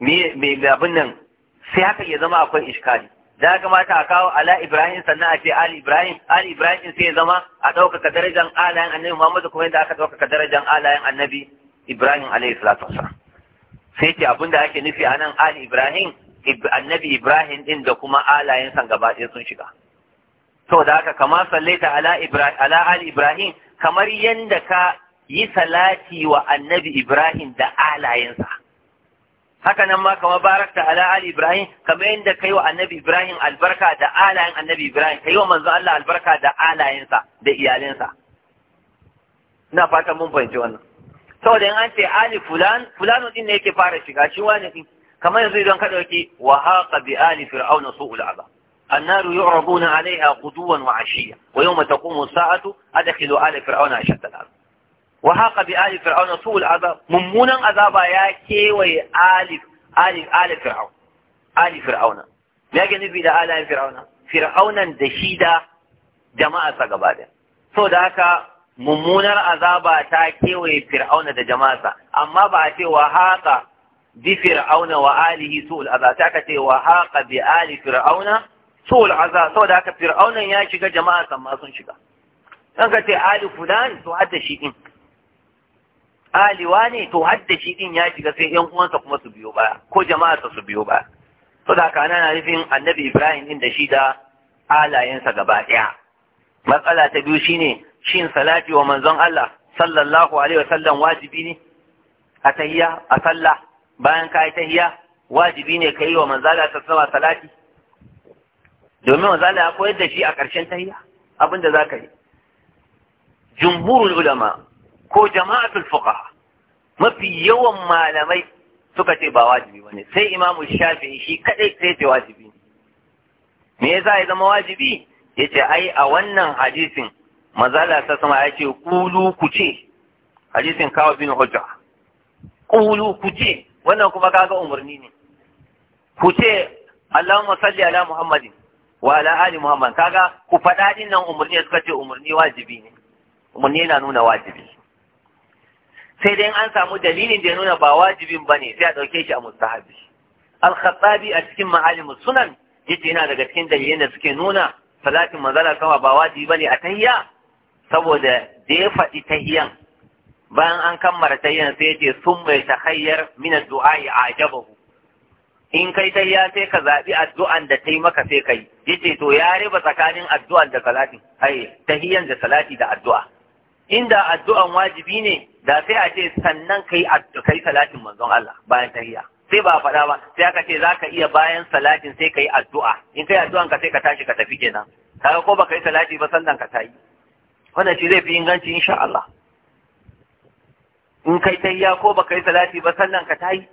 me me abin nan sai haka ya zama akwai iskali da ya kamata a kawo ala Ibrahim sannan a ce ali Ibrahim ali Ibrahim sai ya zama a ɗaukaka darajar halayen annabi Muhammadu kuma yadda aka ɗaukaka darajar halayen annabi Ibrahim alayhi salatu wasalam sai ce abin da ake nufi a nan ali Ibrahim annabi Ibrahim ɗin da kuma alayensa gaba ɗaya sun shiga saboda haka kama sallaita ala ibrahim ala al ibrahim kamar yanda ka yi salati wa annabi ibrahim da alayensa haka nan ma kama barakta ala ali ibrahim kamar yadda kai wa annabi ibrahim albarka da alayen annabi ibrahim kai wa manzo Allah albarka da alayensa da iyalensa ina fatan mun fahimci wannan saboda in an ce ali fulan fulano din ne yake fara shiga shi wani din kamar yanzu idan ka dauki wa haqa bi ali fir'auna su'ul azab النار يعرضون عليها غدوا وعشيا ويوم تقوم الساعة أدخلوا آل فرعون أشد العذاب وهاق بآل فرعون سوء العذاب ممونا عذاب يا كيوي آل آل آل فرعون آل فرعون يا جنبي إلى آل فرعون فرعون دشيدا جماعة سقبادة سو ذاك mummunar azaba ta kewaye fir'auna da jama'arsa amma ba a ce wa haqa bi fir'auna wa alihi su'ul azab ta ka ce wa haqa bi ali fir'auna su'ul sau saboda haka fir'aunan ya shiga jama'a san ma sun shiga Ɗan ka ce ali fulan to hadda shi din ali wane to hadda shi din ya shiga sai yan uwansa kuma su biyo baya ko jama'arsa su biyo baya saboda haka ana nufin annabi ibrahim din da shi da alayensa gaba daya matsala ta biyu shine shin salati wa manzon Allah sallallahu alaihi wasallam wajibi ne a tahiya a sallah bayan ka yi wajibi ne ka yi wa manzala ta sama salati domin wa Allah ko koyar da shi a ƙarshen tahiyya za zaka yi jumhurul ulama ko jama'atul fuqaha mafi yawan malamai suka ce ba wajibi bane sai imamu shafi'i shi kadai sai ce wajibi me yasa ya zama wajibi yace ai a wannan hadisin mazala ta sama ya ce kulu ku ce hadisin kawo bin hujja kulu ku ce wannan kuma kaga umarni ne ku ce Allahumma salli ala Muhammadin wa ala ali muhammad kaga ku faɗa din nan umarni suka ce umarni wajibi ne umarni yana nuna wajibi sai dai an samu dalilin da ya nuna ba wajibin ba ne sai a ɗauke shi a mustahabi al-khattabi a cikin ma'alimu sunan yace yana daga cikin dalilin da suke nuna salatin manzala sama ba wajibi bane a tahiyya saboda da ya faɗi tahiyyan bayan an kammala tahiyyan sai yace sun mai tahayyar min addu'a ajabahu in kai ta ya sai ka zaɓi addu'an da ta yi maka sai Ya ce to ya riba tsakanin addu'an da salati ai tahiyyan da salati da addu'a inda addu'an wajibi ne da sai a ce sannan ka yi salatin manzon Allah bayan ta tahiyya sai ba faɗa ba sai aka ce za ka iya bayan salatin sai yi addu'a in kai addu'an ka sai ka tashi ka tafi kenan kaga ko baka yi salati ba sannan ka tayi wannan shi zai fi inganci insha Allah in kai ta tahiyya ko baka yi salati ba sannan ka tayi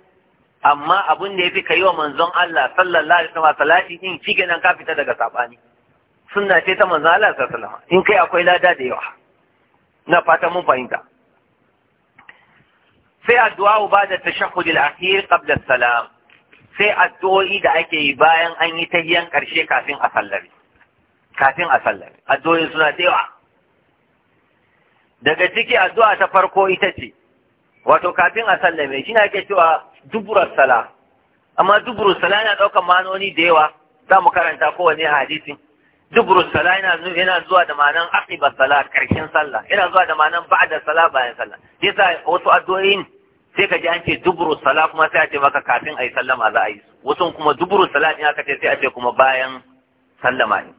amma abun da ka yi wa manzon Allah sallallahu alaihi wasallam salati in shi kenan ka fita daga sabani sunna ce ta manzon Allah sallallahu alaihi wasallam in kai akwai lada da yawa na fata mun fahimta sai addu'a ba da tashahhud al-akhir qabla salam sai addu'o'i da ake yi bayan an yi tahiyan karshe kafin a sallare kafin a sallare addu'o'i suna da yawa daga ciki addu'a ta farko ita ce wato kafin a sallame shi na ke cewa duburar sala amma duburu sala yana ɗaukar ma'anoni da yawa za mu karanta kowane hadisi. duburu sala yana zuwa da ma'anan aqiba sala karshen sallah yana zuwa da ma'anan ba'da sala bayan sallah yasa wasu addu'o'in sai ka ji an ce duburu sala kuma sai a ce maka kafin a yi sallama za a yi wasu kuma duburu sala ne aka ce sai a ce kuma bayan sallama ne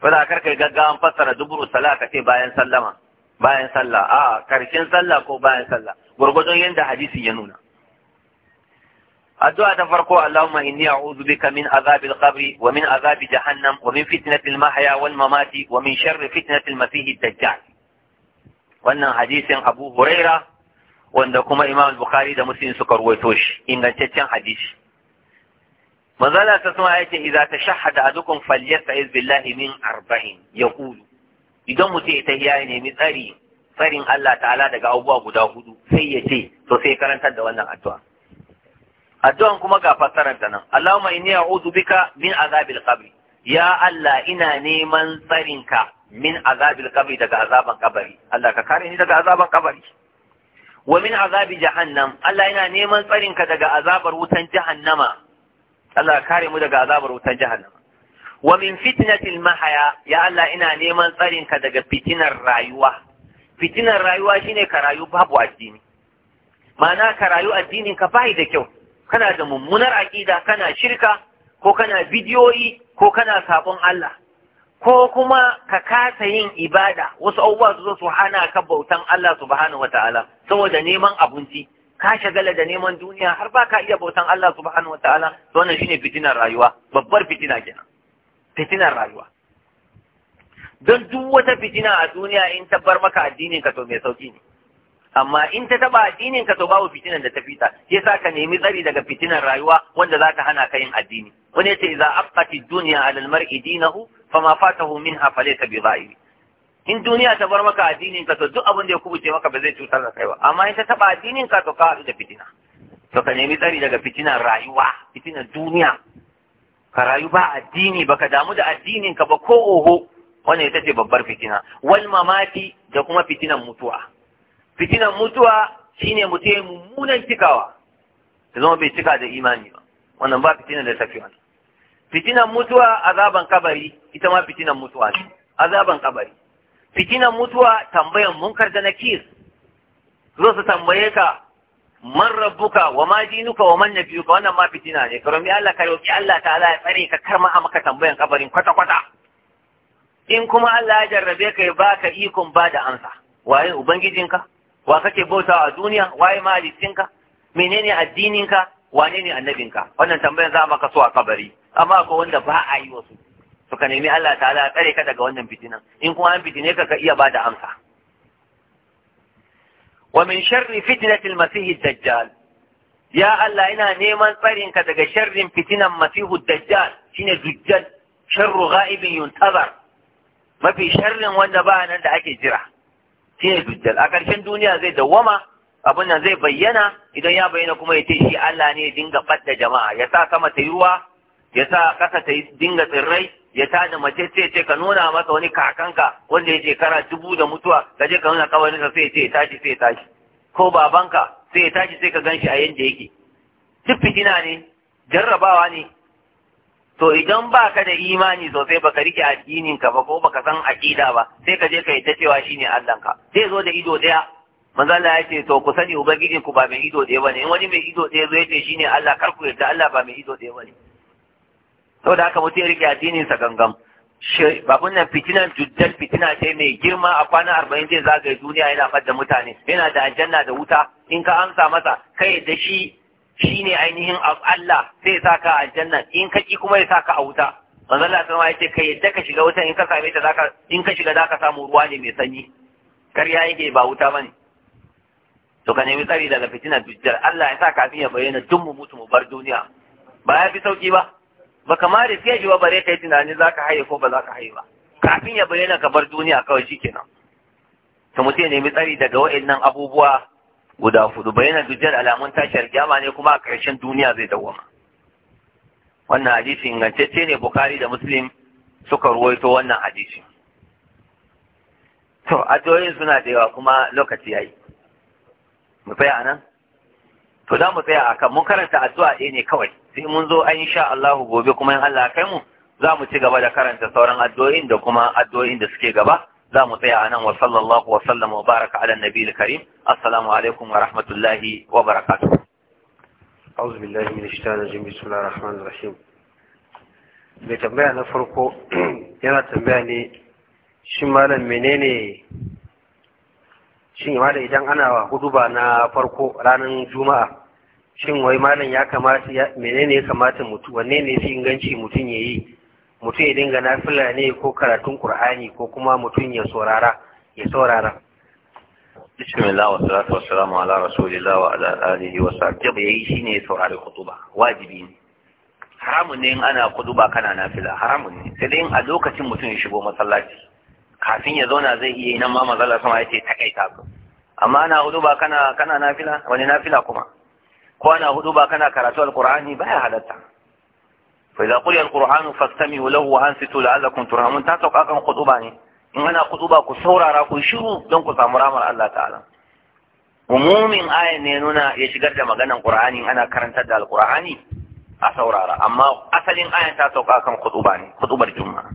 ba za ka kai gaggawan fassara duburu sala ka ce bayan sallama bayan sallah a karshen sallah ko bayan sallah Gwargwadon yadda hadisi ya nuna addu'a ta farko Allahumma inni a'udhu bika min al qabri wa min azabi jahannam wa min fitnatil mahya wal mamati wa min sharri fitnatil masihid dajjal wannan hadisin Abu Huraira wanda kuma Imam Bukhari da Muslim suka ruwaito shi ingantaccen hadisi manzala ta suma yace idza tashahhada adukum falyasta'iz billahi min arba'in yaqulu idan mutum ita hiya ne mi tsari tsarin Allah ta'ala daga abubuwa guda hudu sai ya ce to sai karantar da wannan addu'a addu'an kuma ga fassarar ta nan Allahumma inni a'udhu bika min azabil qabr ya Allah ina neman tsarinka min azabil qabr daga azaban kabari Allah ka kare ni daga azaban kabari wa min azabi jahannam Allah ina neman tsarinka daga azabar wutan jahannama Allah ka kare mu daga azabar wutan jahannama wa min fitnatil mahaya ya Allah ina neman tsarinka daga fitinar rayuwa fitinar rayuwa shine ka rayu babu addini ma'ana ka rayu addinin ka bai da kyau kana da mummunar aƙida kana shirka ko kana bidiyoyi ko kana sabon Allah ko kuma ka kasa yin ibada wasu abubuwa su zo su hana ka bautan Allah subhanahu wataala saboda neman abinci ka shagala da neman duniya har ba ka iya bautan Allah subhanahu wataala to wannan shine fitinar rayuwa babbar fitina kenan fitinar rayuwa don duk wata fitina a duniya in tabbar maka addinin ka to mai sauki ne amma in ta taba addinin ka to babu fitinan da ta fita yasa ka nemi tsari daga fitinan rayuwa wanda za ta hana ka yin addini wani yace idza afqati dunya ala almar'i dinahu fama fatahu minha falaysa bi dha'ibi in duniya ta bar maka addinin ka to duk abin da ya kubuce maka ba zai cutar da kai ba amma in ta taba addinin ka to ka haɗu da fitina to ka nemi tsari daga fitinan rayuwa fitinan duniya ka rayu ba addini baka damu da addinin ka ba ko oho wannan ita ce babbar fitina wal mamati da kuma fitinan mutuwa fitinan mutuwa shine mutum ya mummunan cikawa ta zama bai cika da imani ba wannan ba fitinan da tafi wani. fitinan mutuwa azaban kabari ita ma fitinan mutuwa ne azaban kabari fitinan mutuwa tambayan munkar da nakir zo su tambaye ka man rabbuka wa ma dinuka wa man nabiyuka wannan ma fitina ne karami Allah ka roki Allah ta'ala ya tsare ka karma a maka tambayan kabarin kwata kwata in kuma Allah ya jarrabe ka ya baka ikon ba da amsa waye ubangijinka wa kake bauta a duniya waye malicinka menene addininka wane ne annabinka wannan tambayar za maka so a kabari amma akwai wanda ba a yi wasu to ka nemi Allah ta'ala tsare ka daga wannan fitinan in kuma an fitine ka ka iya ba da amsa wa min sharri fitnatil masih dajjal ya Allah ina neman tsarin ka daga sharrin fitinan masihu dajjal shine dajjal sharru ghaibin yuntazar mafi sharrin wanda ba nan da ake jira shine dujjal a ƙarshen duniya zai dawwama abin nan zai bayyana idan ya bayyana kuma ya ce shi Allah ne ya dinga ɓadda jama'a ya sa sama ta yi ruwa ya sa ƙasa ta yi dinga tsirrai ya ta da mace sai ce ka nuna masa wani kakanka wanda ya shekara dubu da mutuwa ka je ka nuna kawarinsa sai ce ya tashi sai ya tashi ko babanka sai ya tashi sai ka ganshi a yanda yake duk fitina ne jarrabawa ne to idan ba ka da imani sosai baka rike addinin ka ba ko ba ka san aqida ba sai ka je ka yi ta cewa shine Allah ka zai zo da ido daya manzo ya ce to ku sani ubangijin ku ba mai ido daya bane in wani mai ido daya zo ya ce shine Allah kar ku yarda Allah ba mai ido daya bane da haka mutum ya rike addinin sa gangam babun nan fitinan juddal fitina ce mai girma a kwana arba'in zai zagaye duniya yana fadda mutane yana da aljanna da wuta in ka amsa masa kai da shi Shi ne ainihin Allah sai sa ka jannan in ka ki kuma ya saka ka a wuta manzo Allah sai ya ce kai yadda ka shiga wutan in ka same ta zaka in ka shiga zaka samu ruwa ne mai sanyi karya yake ba wuta bane to ka nemi tsari daga fitina dujjar Allah ya sa kafin ya bayyana duk mu mutu mu bar duniya ba ya fi sauki ba ba kama da fiye ba bare kai tunani zaka haye ko ba zaka haye ba kafin ya bayyana ka bar duniya kawai shikenan to mutum ya nemi tsari daga wa'annan abubuwa guda hudu na dujjar alamun tashiyar kyama ne kuma a ƙarshen duniya zai dawwama wannan hadisi ingantacce ne bukari da muslim suka ruwaito wannan hadisi to addu'o'in suna da yawa kuma lokaci yayi mu tsaya anan to za mu tsaya akan mun karanta addu'a ɗaya ne kawai sai mun zo an sha Allahu gobe kuma in Allah kai mu za mu ci gaba da karanta sauran addu'o'in da kuma addu'o'in da suke gaba za mu tsaya a nan wa sallallahu wa sallama wa baraka ala nabi karim assalamu alaikum wa rahmatullahi wa barakatuh أعوذ billahi من shaitanir rajim bismillahir rahmanir rahim الرحيم tambaya na farko yana tambaya ne Shin malam menene shin malam idan ana wa huduba na farko ranar juma'a shin wai malam ya kamata menene ya kamata mutu wanne ne fi inganci mutum ya yi mutum ya dinga nafila ne ko karatun Kur'ani ko kuma mutum ya saurara ya saurara bismillah wa salatu wa salamu ala rasulillah wa ala alihi wa sahbihi yayi shine ya saurari khutuba wajibi ne haramun ne in ana khutuba kana nafila haramun ne sai dai a lokacin mutum ya shigo masallaci kafin ya zauna zai iya nan ma mazala sama yace takaita ka amma ana khutuba kana kana nafila wani nafila kuma ko ana hudu ba kana karatu alqur'ani baya halatta فإذا قرئ القرآن فاستمعوا له وأنصتوا لعلكم ترحمون تاسو كاكن خطبة in ana kutuba ku saurara ku shiru don ku samu ramar Allah ta'ala umumin ayan ne nuna ya shigar da maganan Qur'ani ana karantar da Al-Qur'ani a saurara amma asalin ayan ta sauka kan kutuba ne kutubar juma'a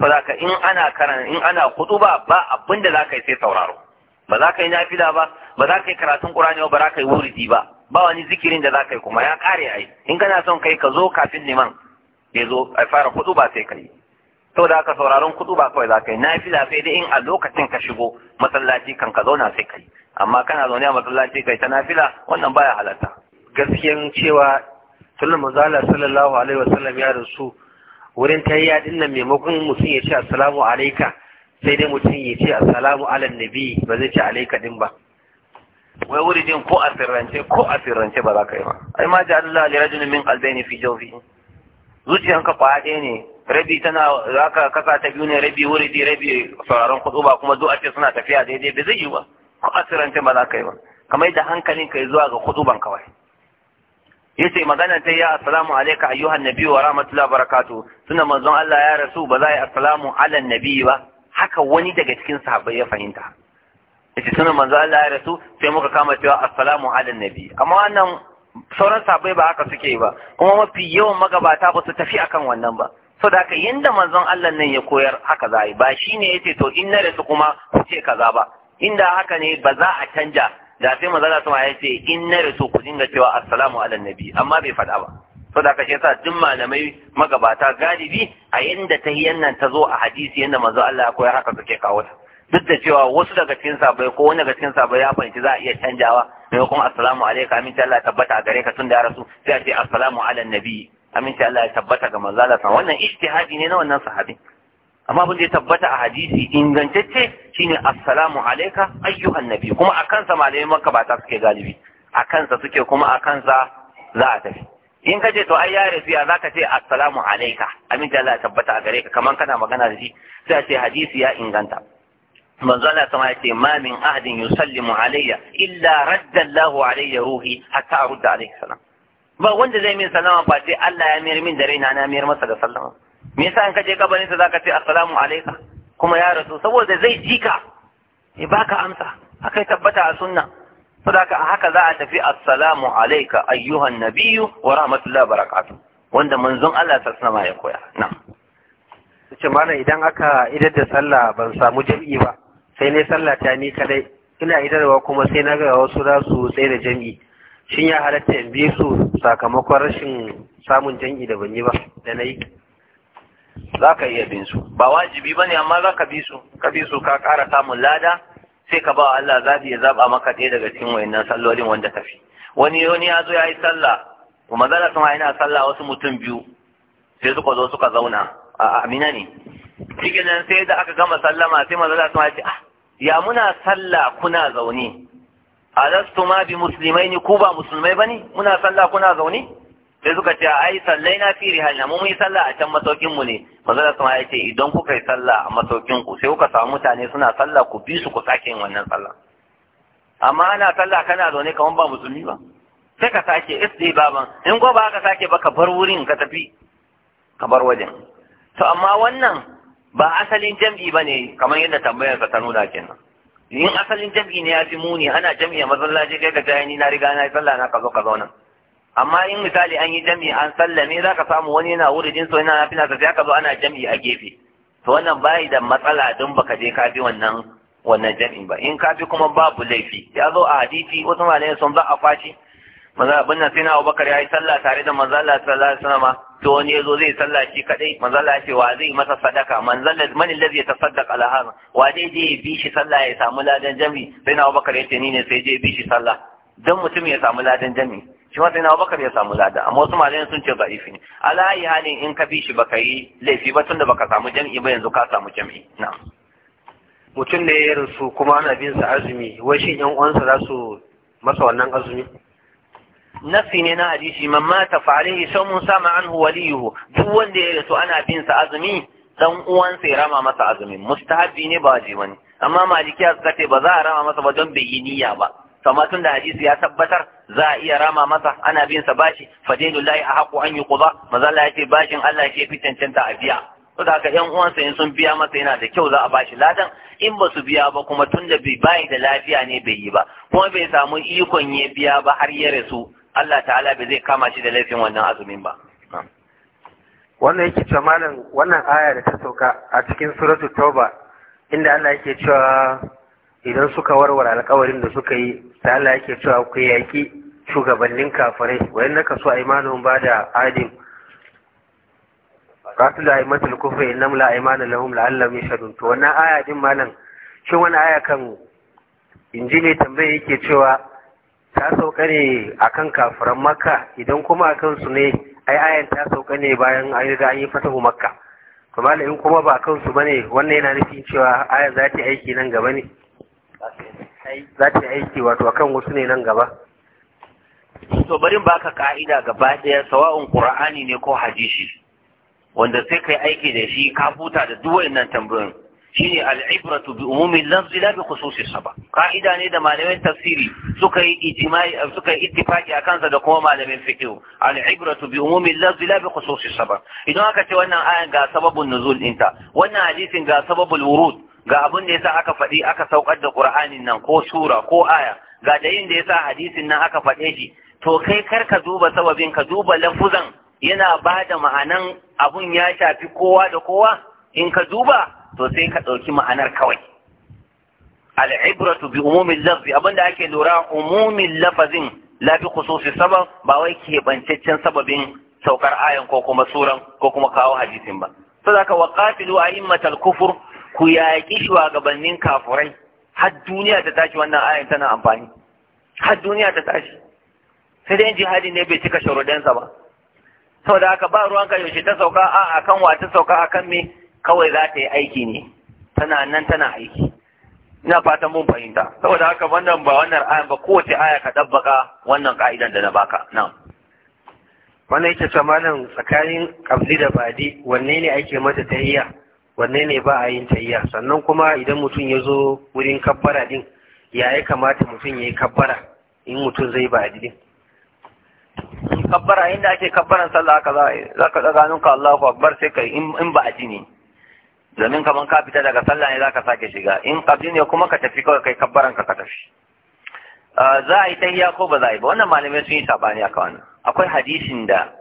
saboda in ana karan ba abinda zaka yi sai sauraro ba za ka yi nafila ba ba za ka yi karatun ƙur'ani ba ba za ka yi wuridi ba ba wani zikirin da za ka yi kuma ya kare ai in kana son kai ka zo kafin liman ya zo a fara kudu ba sai ka yi to da ka sauraron kudu ba kawai za ka yi na fi sai dai in a lokacin ka shigo masallaci kan ka zauna sai ka yi amma kana zaune a masallaci kai ta nafila wannan baya halatta gaskiyan cewa sunan manzala sallallahu alaihi wasallam ya rasu wurin tayya din nan maimakon mutum ya ce assalamu alaika sai dai mutum ya ce assalamu ala nabi ba zai ce alaika din ba wai wuri wuridin ko a sirrance ko a sirrance ba za ka yi ba ai ma ji Allah li rajulin min qalbayni fi jawfi zuciyanka kwaya ɗaya ne rabi tana za ka kasa ta biyu ne rabi wuri wuridi rabi sauraron kudu ba kuma zuwa ce suna tafiya daidai ba zai yi ba ko a sirrance ba za ka yi ba kamar yadda hankalin ka zuwa ga kudu ban kawai yace magana ta ya assalamu alayka ayyuhan nabi wa rahmatullahi wa barakatuh sunan manzon Allah ya rasu ba za yi assalamu ala nabi ba haka wani daga cikin sahabbai ya fahimta yace sunan manzo Allah ya rasu sai muka kama cewa assalamu ala nabi amma wannan sauran sabai ba haka suke ba kuma mafi yawan magabata ba su tafi akan wannan ba so da haka yanda manzon Allah nan ya koyar haka za ba shine yace to in na rasu kuma ku ce kaza ba inda haka ne ba za a canja da sai manzo Allah ya ce in na rasu ku dinga cewa assalamu ala nabi amma bai faɗa ba saboda shi yasa duk malamai magabata galibi a yanda ta nan ta zo a hadisi yanda manzo Allah ya koyar haka suke kawo ta duk da cewa wasu daga cikin sabai ko wani daga cikin sabai ya fahimci za a iya canjawa maimakon assalamu alaikum aminci Allah ya tabbata a gare ka tun da ya rasu sai a ce assalamu ala nabi aminci Allah ya tabbata ga manzo Allah wannan ijtihadi ne na wannan sahabi amma abin da ya tabbata a hadisi ingantacce shine assalamu alaika ayyuhan nabi kuma a kansa malamai maka ba ta suke galibi a kansa suke kuma a kansa za a tafi in ka ce to ai ya rasu ya zaka ce assalamu alayka aminci Allah ya tabbata a gare ka kaman kana magana da shi sai a ce hadisi ya inganta manzala kama ya ce ma min ahadin yusallimu alayya illa radda Allahu alayya ruhi hatta arudda alayhi salam ba wanda zai min salama ba sai Allah ya mayar min da raina na mayar masa da sallama me yasa in ka je kabarin sa zaka ce assalamu alayka kuma ya rasu saboda zai jika ya baka amsa akai tabbata a sunna saboda haka za a tafi assalamu alayka ayyuhan nabiyyu wa rahmatullahi wa barakatuh wanda manzon Allah ya koya na ce mana idan aka idar da sallah ban samu jami'i ba sai ne sallata ni kadai ina idarwa kuma sai na ga wasu za su tsaye da jami'i shin ya halatta in bi su sakamakon rashin samun jami'i da ban yi ba da na yi za ka iya bin su ba wajibi ba ne amma za ka bi su ka bi su ka ƙara samun lada sai ka ba wa Allah zaɓi ya zaɓa maka ɗaya daga cikin wayannan sallolin wanda ka fi wani yoni ya zo ya yi sallah kuma zala sun haina sallah wasu mutum biyu sai suka zo suka zauna a amina ne cikin nan sai da aka gama sallama sai manzala sun haina ah ya muna sallah kuna zaune alastu ma bi musulmai ne ku ba musulmai bane muna sallah kuna zaune sai suka ce ai sallai na fi rihalna mu yi sallah a can masaukin mu ne manzon sama ya ce idan kuka yi sallah a masaukin ku sai kuka samu mutane suna sallah ku bi su ku sake yin wannan sallah amma ana sallah kana zaune kaman ba musulmi ba sai ka sake isdi baban in ko ba ka sake ba ka bar wurin ka tafi ka bar wajen to amma wannan ba asalin jam'i ba ne kamar yadda tambayar ka ta nuna kenan in asalin jam'i ne ya fi muni ana jam'i a masallaci kai ga jayani na riga na sallah na kazo kazo ka zauna amma in misali an yi jam'i an sallame za ka samu wani yana wurin so yana nafila sai ka zo ana jam'i a gefe to wannan bayi da matsala don baka je ka je wannan wannan jam'i ba in ka kuma babu laifi ya zo a hadisi wasu malamai sun za a fashi manzo abin nan sai na Abubakar yi sallah tare da manzo Allah sallallahu alaihi wasallam to wani yazo zai sallah shi kadai manzo Allah ya ce wa zai masa sadaka manzo Allah man alladhi yatasaddaq ala hadha wa dai je ya bi shi sallah ya samu ladan jami sai na Abubakar ya ce ni ne sai je bi shi sallah dan mutum ya samu ladan jami shi ma sai na Abubakar ya samu ladan amma wasu malayan sun ce da'ifi ne ala ayi halin in ka bi shi baka yi laifi ba tunda baka samu jami'i ba yanzu ka samu jami'i na'am mutum ne ya rasu kuma ana bin sa azumi wai shin yan uwansa za su masa wannan azumi Nasi ne na hadisi man mata fa alaihi mun sama anhu waliyuhu duk wanda ya rasu ana bin sa azumi dan uwansa ya rama masa azumi mustahabi ne ba ji wani. amma Maliki ya suka ce ba za rama masa ba don bai yi niyya ba kama tun da hadisi ya tabbatar za a iya rama masa ana bin sa bashi fadilul lahi a hako an yi kuza maza ya ce bashin Allah ya fi cancanta a biya to da haka ƴan uwansa in sun biya masa yana da kyau za a bashi ladan in ba su biya ba kuma tun da bai bayi da lafiya ne bai yi ba kuma bai samu ikon ya biya ba har ya rasu Allah ta'ala bai zai kama shi da laifin wannan azumin ba wannan yake cewa malam wannan aya da ta sauka a cikin suratu tauba inda Allah yake cewa idan suka warware alƙawarin da suka yi sai Allah yake cewa ku yaki shugabannin kafirai wa inna kasu ba ba'da adim qatil aymatul kufri innam la aymana lahum la'allam yashadun to wannan aya din malam shin wannan aya kan inji ne tambaye yake cewa ta sauka ne a kan kafiran makka idan kuma a kansu ne ai ayan ta sauka ne bayan an riga an yi fatahu makka to in kuma ba kansu ba ne, wannan yana nufin cewa ayan za ta aiki nan gaba ne za ta aiki wato akan wasu ne nan gaba to bari baka ka'ida gaba daya sawa'un qur'ani ne ko hadisi wanda sai kai aiki da shi ka huta da duk wayannan tambayoyin shine al'ibratu bi umumi lafzi la bi khususi sabab ka'ida ne da malamin tafsiri suka yi ijma'i suka yi ittifaqi akan sa da kuma malamin fiqh al'ibratu bi umumin lafzi la bi khususi sabab idan aka ce wannan ayan ga sababun nuzul dinta wannan hadisin ga sababul wurud ga abun da yasa aka faɗi aka saukar da qur'anin nan ko sura ko aya ga dalilin da yasa hadisin nan aka faɗe shi to kai kar ka duba sababin ka duba lafuzan yana ba da ma'anan abun ya shafi kowa da kowa in ka duba to sai ka ɗauki ma'anar kawai al'ibratu bi umumin abin abinda ake lura umumin lafazin lafi kusurci sabon ba wai keɓantaccen sababin saukar ayan ko kuma suran ko kuma kawo hadisin ba ka wa a a'immatal kufur ku yaƙi shugabannin kafurai har duniya ta tashi wannan ayan tana amfani har duniya ta tashi sai dai jihadi ne bai cika sharudansa ba saboda haka ba ka yaushe ta sauka a akan wa ta sauka akan me kawai za ta yi aiki ne tana nan tana aiki ina fatan mun fahimta saboda haka wannan ba wannan ayan ba kowace aya ka dabbaka wannan ka'idan da na baka na wannan yake ce malam tsakanin kabli da badi wanne ne ake mata tahiyya wanne ne ba a yin tahiyya sannan kuma idan mutum ya zo wurin kabbara din ya yi kamata mutum ya yi kabbara in mutum zai badi din kabbara inda ake kabbaran sallah haka za ka daga hannunka Allahu akbar sai kai in ba a ji ne domin kaman ka fita daga sallah ne zaka sake shiga in qabli ne kuma ka tafi kawai kai kabbaran ka ka tafi za a yi tahiya ko ba za a yi ba wannan malamai sun yi sabani akan wannan akwai hadisin da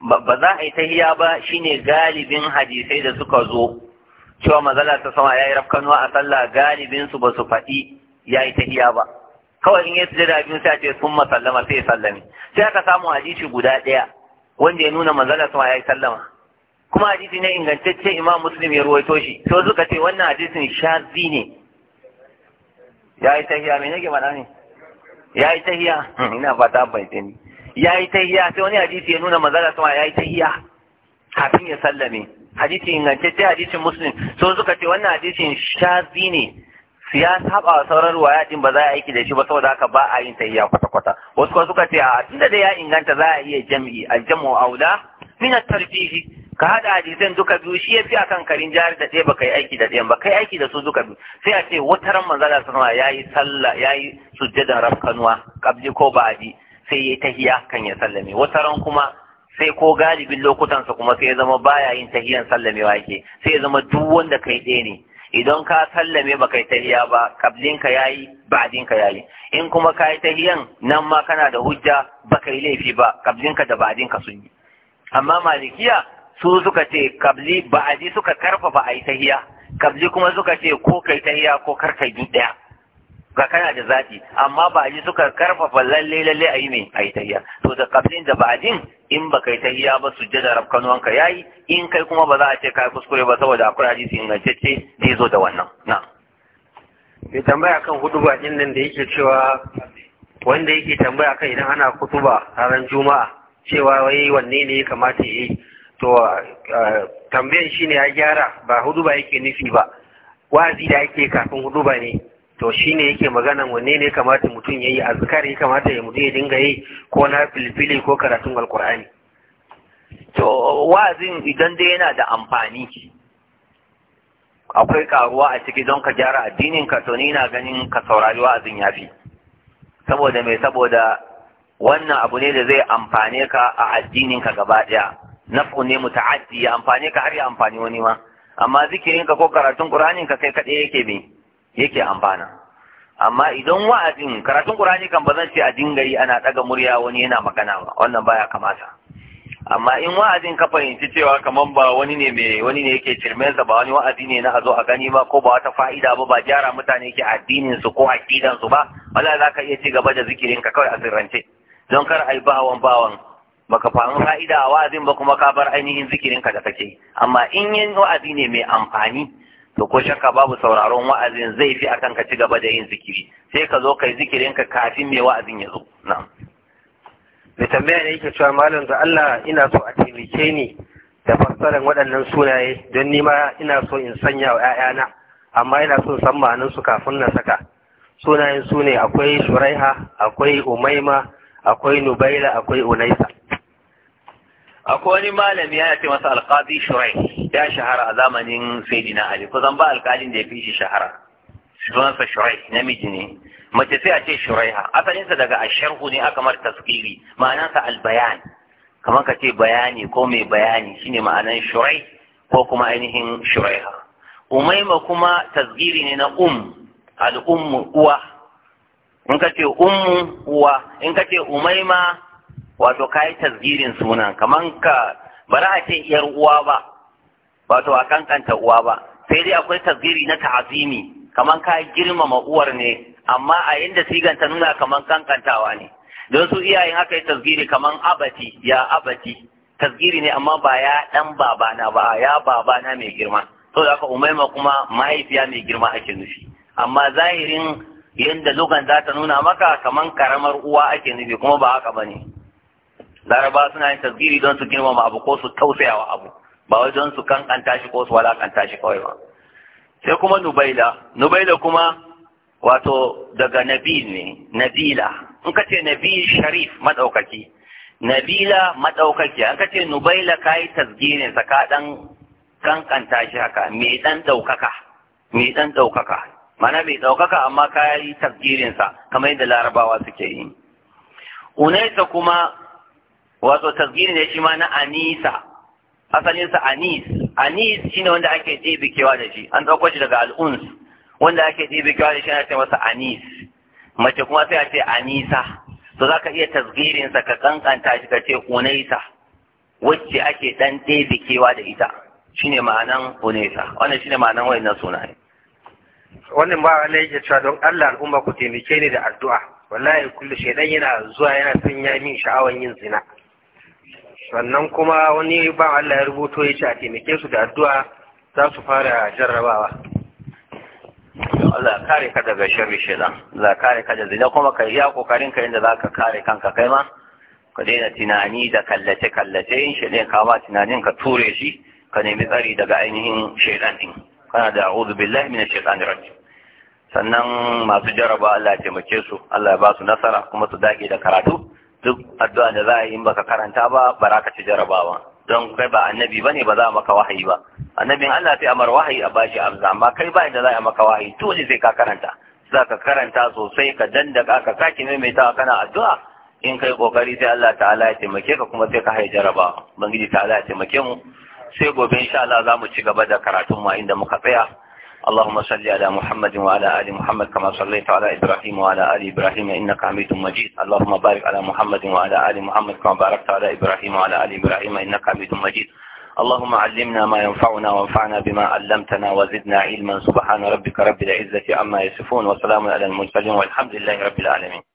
ba za a yi tahiya ba shine galibin hadisai da suka zo cewa mazala ta sama yayi rafkanuwa a sallah galibin su ba su faɗi yayi tahiya ba kawai in ya sujada biyu sai a ce sun masallama sai sallame sai aka samu hadisi guda ɗaya wanda ya nuna mazala sama yayi sallama kuma hadisi ne ingantacce imam muslim ya ruwaito shi to suka ce wannan hadisin shazi ne ya yi tahiya me ke faɗa ne ya yi tahiya hmm. ina fata bai ne. ya yi tahiya sai wani hadisi ya nuna manzala sama ya yi tahiya kafin ya sallame hadisi ingantacce hadisin muslim so suka ce wannan hadisin shazi ne ya saba wa sauran ruwaya din ba za a aiki da shi ba saboda haka ba a yin tahiya kwata kwata wasu kuma suka ce a tunda da ya inganta za a iya jam'i aljamu aula min at tarjih ka haɗa hadisan duka biyu shi ya fi akan karin jari da ɗaya ba yi aiki da ɗayan ba yi aiki da su duka biyu sai a ce wata ran manzo Allah ya yayi sallah yayi sujjadan rafkanuwa kabli ko ba'adi sai yayi tahiya kan ya sallame wata ran kuma sai ko galibin lokutansa kuma sai ya zama baya yin tahiyan sallamewa yake sai ya zama duk wanda kai ɗaya ne idan ka sallame ba yi tahiya ba kablin ka yayi ba'din ka yayi in kuma kai tahiyan nan ma kana da hujja ba yi laifi ba kablin da ba'din ka sun yi amma malikiya su suka ce kabli ji suka karfafa a yi tahiya kabli kuma suka ce ko kai tahiya ko kar kai duk daya ga kana da zaɓi amma ji suka karfafa lalle lalle a yi mai a yi tahiya to da kablin da ba'adin in ba kai tahiya ba su jada rafkanuwan ya yi in kai kuma ba za a ce kai kuskure ba saboda akwai hadisi ingantacce zai zo da wannan na. mai tambaya kan hudu ba din nan da yake cewa wanda yake tambaya kan idan ana kutuba ranar juma'a cewa wai wanne ne kamata ya yi to eh, tambayan ne ya gyara ba hudu ba yake nufi ba wazi da yake kafin hudu ba ne to shi ne yake maganan wanne ne kamata mutum ya yi azkar ya kamata ya mutum ya dinga yi ko na filfili ko karatun alkur'ani to wazin idan dai yana da amfani akwai karuwa a ciki don ka gyara addinin ka to ni na ganin ka saurari wa'azin yafi saboda mai saboda wannan abu ne da zai amfane ka a addinin ka gaba daya nafu ne muta'addi ya amfane ka har ya amfani wani ma amma zikirin ka ko karatun qur'anin ka kai kadai yake me yake amfana amma idan wa'azin karatun qur'ani kan bazan ce a dinga yi ana daga murya wani yana magana ba wannan baya kamata amma in wa'azin ka fahimci cewa kaman ba wani ne mai wani ne yake cirmensa ba wani wa'azi ne na a zo a gani ba ko ba wata fa'ida ba ba gyara mutane ke addinin su ko aqidan su ba wala za ka iya ci gaba da zikirin ka kawai a sirrance don kar ai bawan bawan baka faru fa'ida a wa'azin ba kuma ka bar ainihin zikirin ka da kake amma in yin wa'azi ne mai amfani to ko shakka babu sauraron wa'azin zai fi akan ka ci gaba da yin zikiri sai ka zo kai zikirin ka kafin mai wa'azin ya zo na'am mai tambaya ne yake cewa malam da Allah ina so a taimake ni da fassarar waɗannan sunaye don nima ina so in sanya wa 'ya'yana amma ina so san ma'anin su kafin na saka sunayen su ne akwai shuraiha akwai umaima akwai nubaila akwai unaisa akwai wani malami ya ce masa alkazi shirai ya shahara a zamanin sayyidina ali kusan ba alkalin da ya fi shi shahara sunansa shurai namiji ne mace sai a ce ha. asalinsa daga asharhu ne aka mar taskiri ma'anansa albayan kamar ka ce bayani ko mai bayani shine ma'anan shurai ko kuma ainihin ha. umaima kuma tasgiri ne na um al'ummu uwa in ka ce ummu uwa in ka ce umaima wato kayi tasgirin sunan kaman ka bara a ce yar uwa ba wato a kankanta uwa ba sai dai akwai tasgiri na ta'azimi kaman ka girmama uwar ne amma a yanda sigan ta nuna kaman kankantawa ne don su iyayen aka yi tasgiri kaman abati ya abati tasgiri ne amma ba ya dan babana ba ya babana mai girma da haka umaima kuma mahaifiya mai girma ake nufi amma zahirin yadda lugan za ta nuna maka kaman karamar uwa ake nufi kuma ba haka bane laraba suna yin tasgiri don su girmama abu ko su tausayawa abu ba wai don su kankanta shi ko su walakanta shi kawai ba sai kuma nubaila nubaila kuma wato daga nabil ne nabila in ka ce nabil sharif madaukaki nabila madaukaki an ka ce nubaila kai tasgirin sa ka dan kankanta shi haka me dan daukaka me dan daukaka mana bai daukaka amma kai tasgirin sa kamar yadda larabawa suke yi unaisa kuma wato tasgiri ne shi ma na anisa asalin sa anis anis shine wanda ake ɗebikewa da shi an ɗauko shi daga al'uns wanda ake ɗebikewa da shi ana ce masa anis mace kuma sai a ce anisa to za ka iya tasgirinsa ka kankanta shi ka ce unaisa wacce ake ɗan ɗebikewa da ita shine ma'anan unaisa wannan shine ma'anan wayannan sunaye wannan ba wani yake cewa don Allah al'umma ku taimake ni da addu'a wallahi kullu shaidan yana zuwa yana sanya min sha'awan yin zina sannan kuma wani ba Allah ya rubuto ya ce a taimake su da addu'a za su fara jarrabawa Allah kare ka daga sharri shaidan Allah kare ka da zina kuma kai ya kokarin ka inda ka kare kanka kai ma ka daina tunani da kallace kallace in shaidan ka ba tunanin ka ture shi ka nemi tsari daga ainihin shaidan din kana da a'udhu billahi minash shaitanir rajim sannan masu jaraba Allah ya taimake su Allah ya ba su nasara kuma su dage da karatu duk addu'a da za a yi in baka karanta ba ba za ka ci jarabawa don kai ba annabi bane ba za a maka wahayi ba annabin Allah sai amar wahayi a bashi amsa amma kai ba inda za a maka wahayi dole sai ka karanta za ka karanta sosai ka dandaka ka sake maimaitawa kana addu'a in kai kokari sai Allah ta'ala ya taimake ka kuma sai ka haye jarabawa ubangiji ta'ala ya taimake mu sai gobe insha Allah za mu ci gaba da karatun ma inda muka tsaya اللهم صل على محمد وعلى آل محمد كما صليت على إبراهيم وعلى آل إبراهيم إنك حميد مجيد اللهم بارك على محمد وعلى آل محمد كما باركت على إبراهيم وعلى آل إبراهيم إنك حميد مجيد اللهم علمنا ما ينفعنا وانفعنا بما علمتنا وزدنا علما سبحان ربك رب العزة عما يصفون وسلام على المرسلين والحمد لله رب العالمين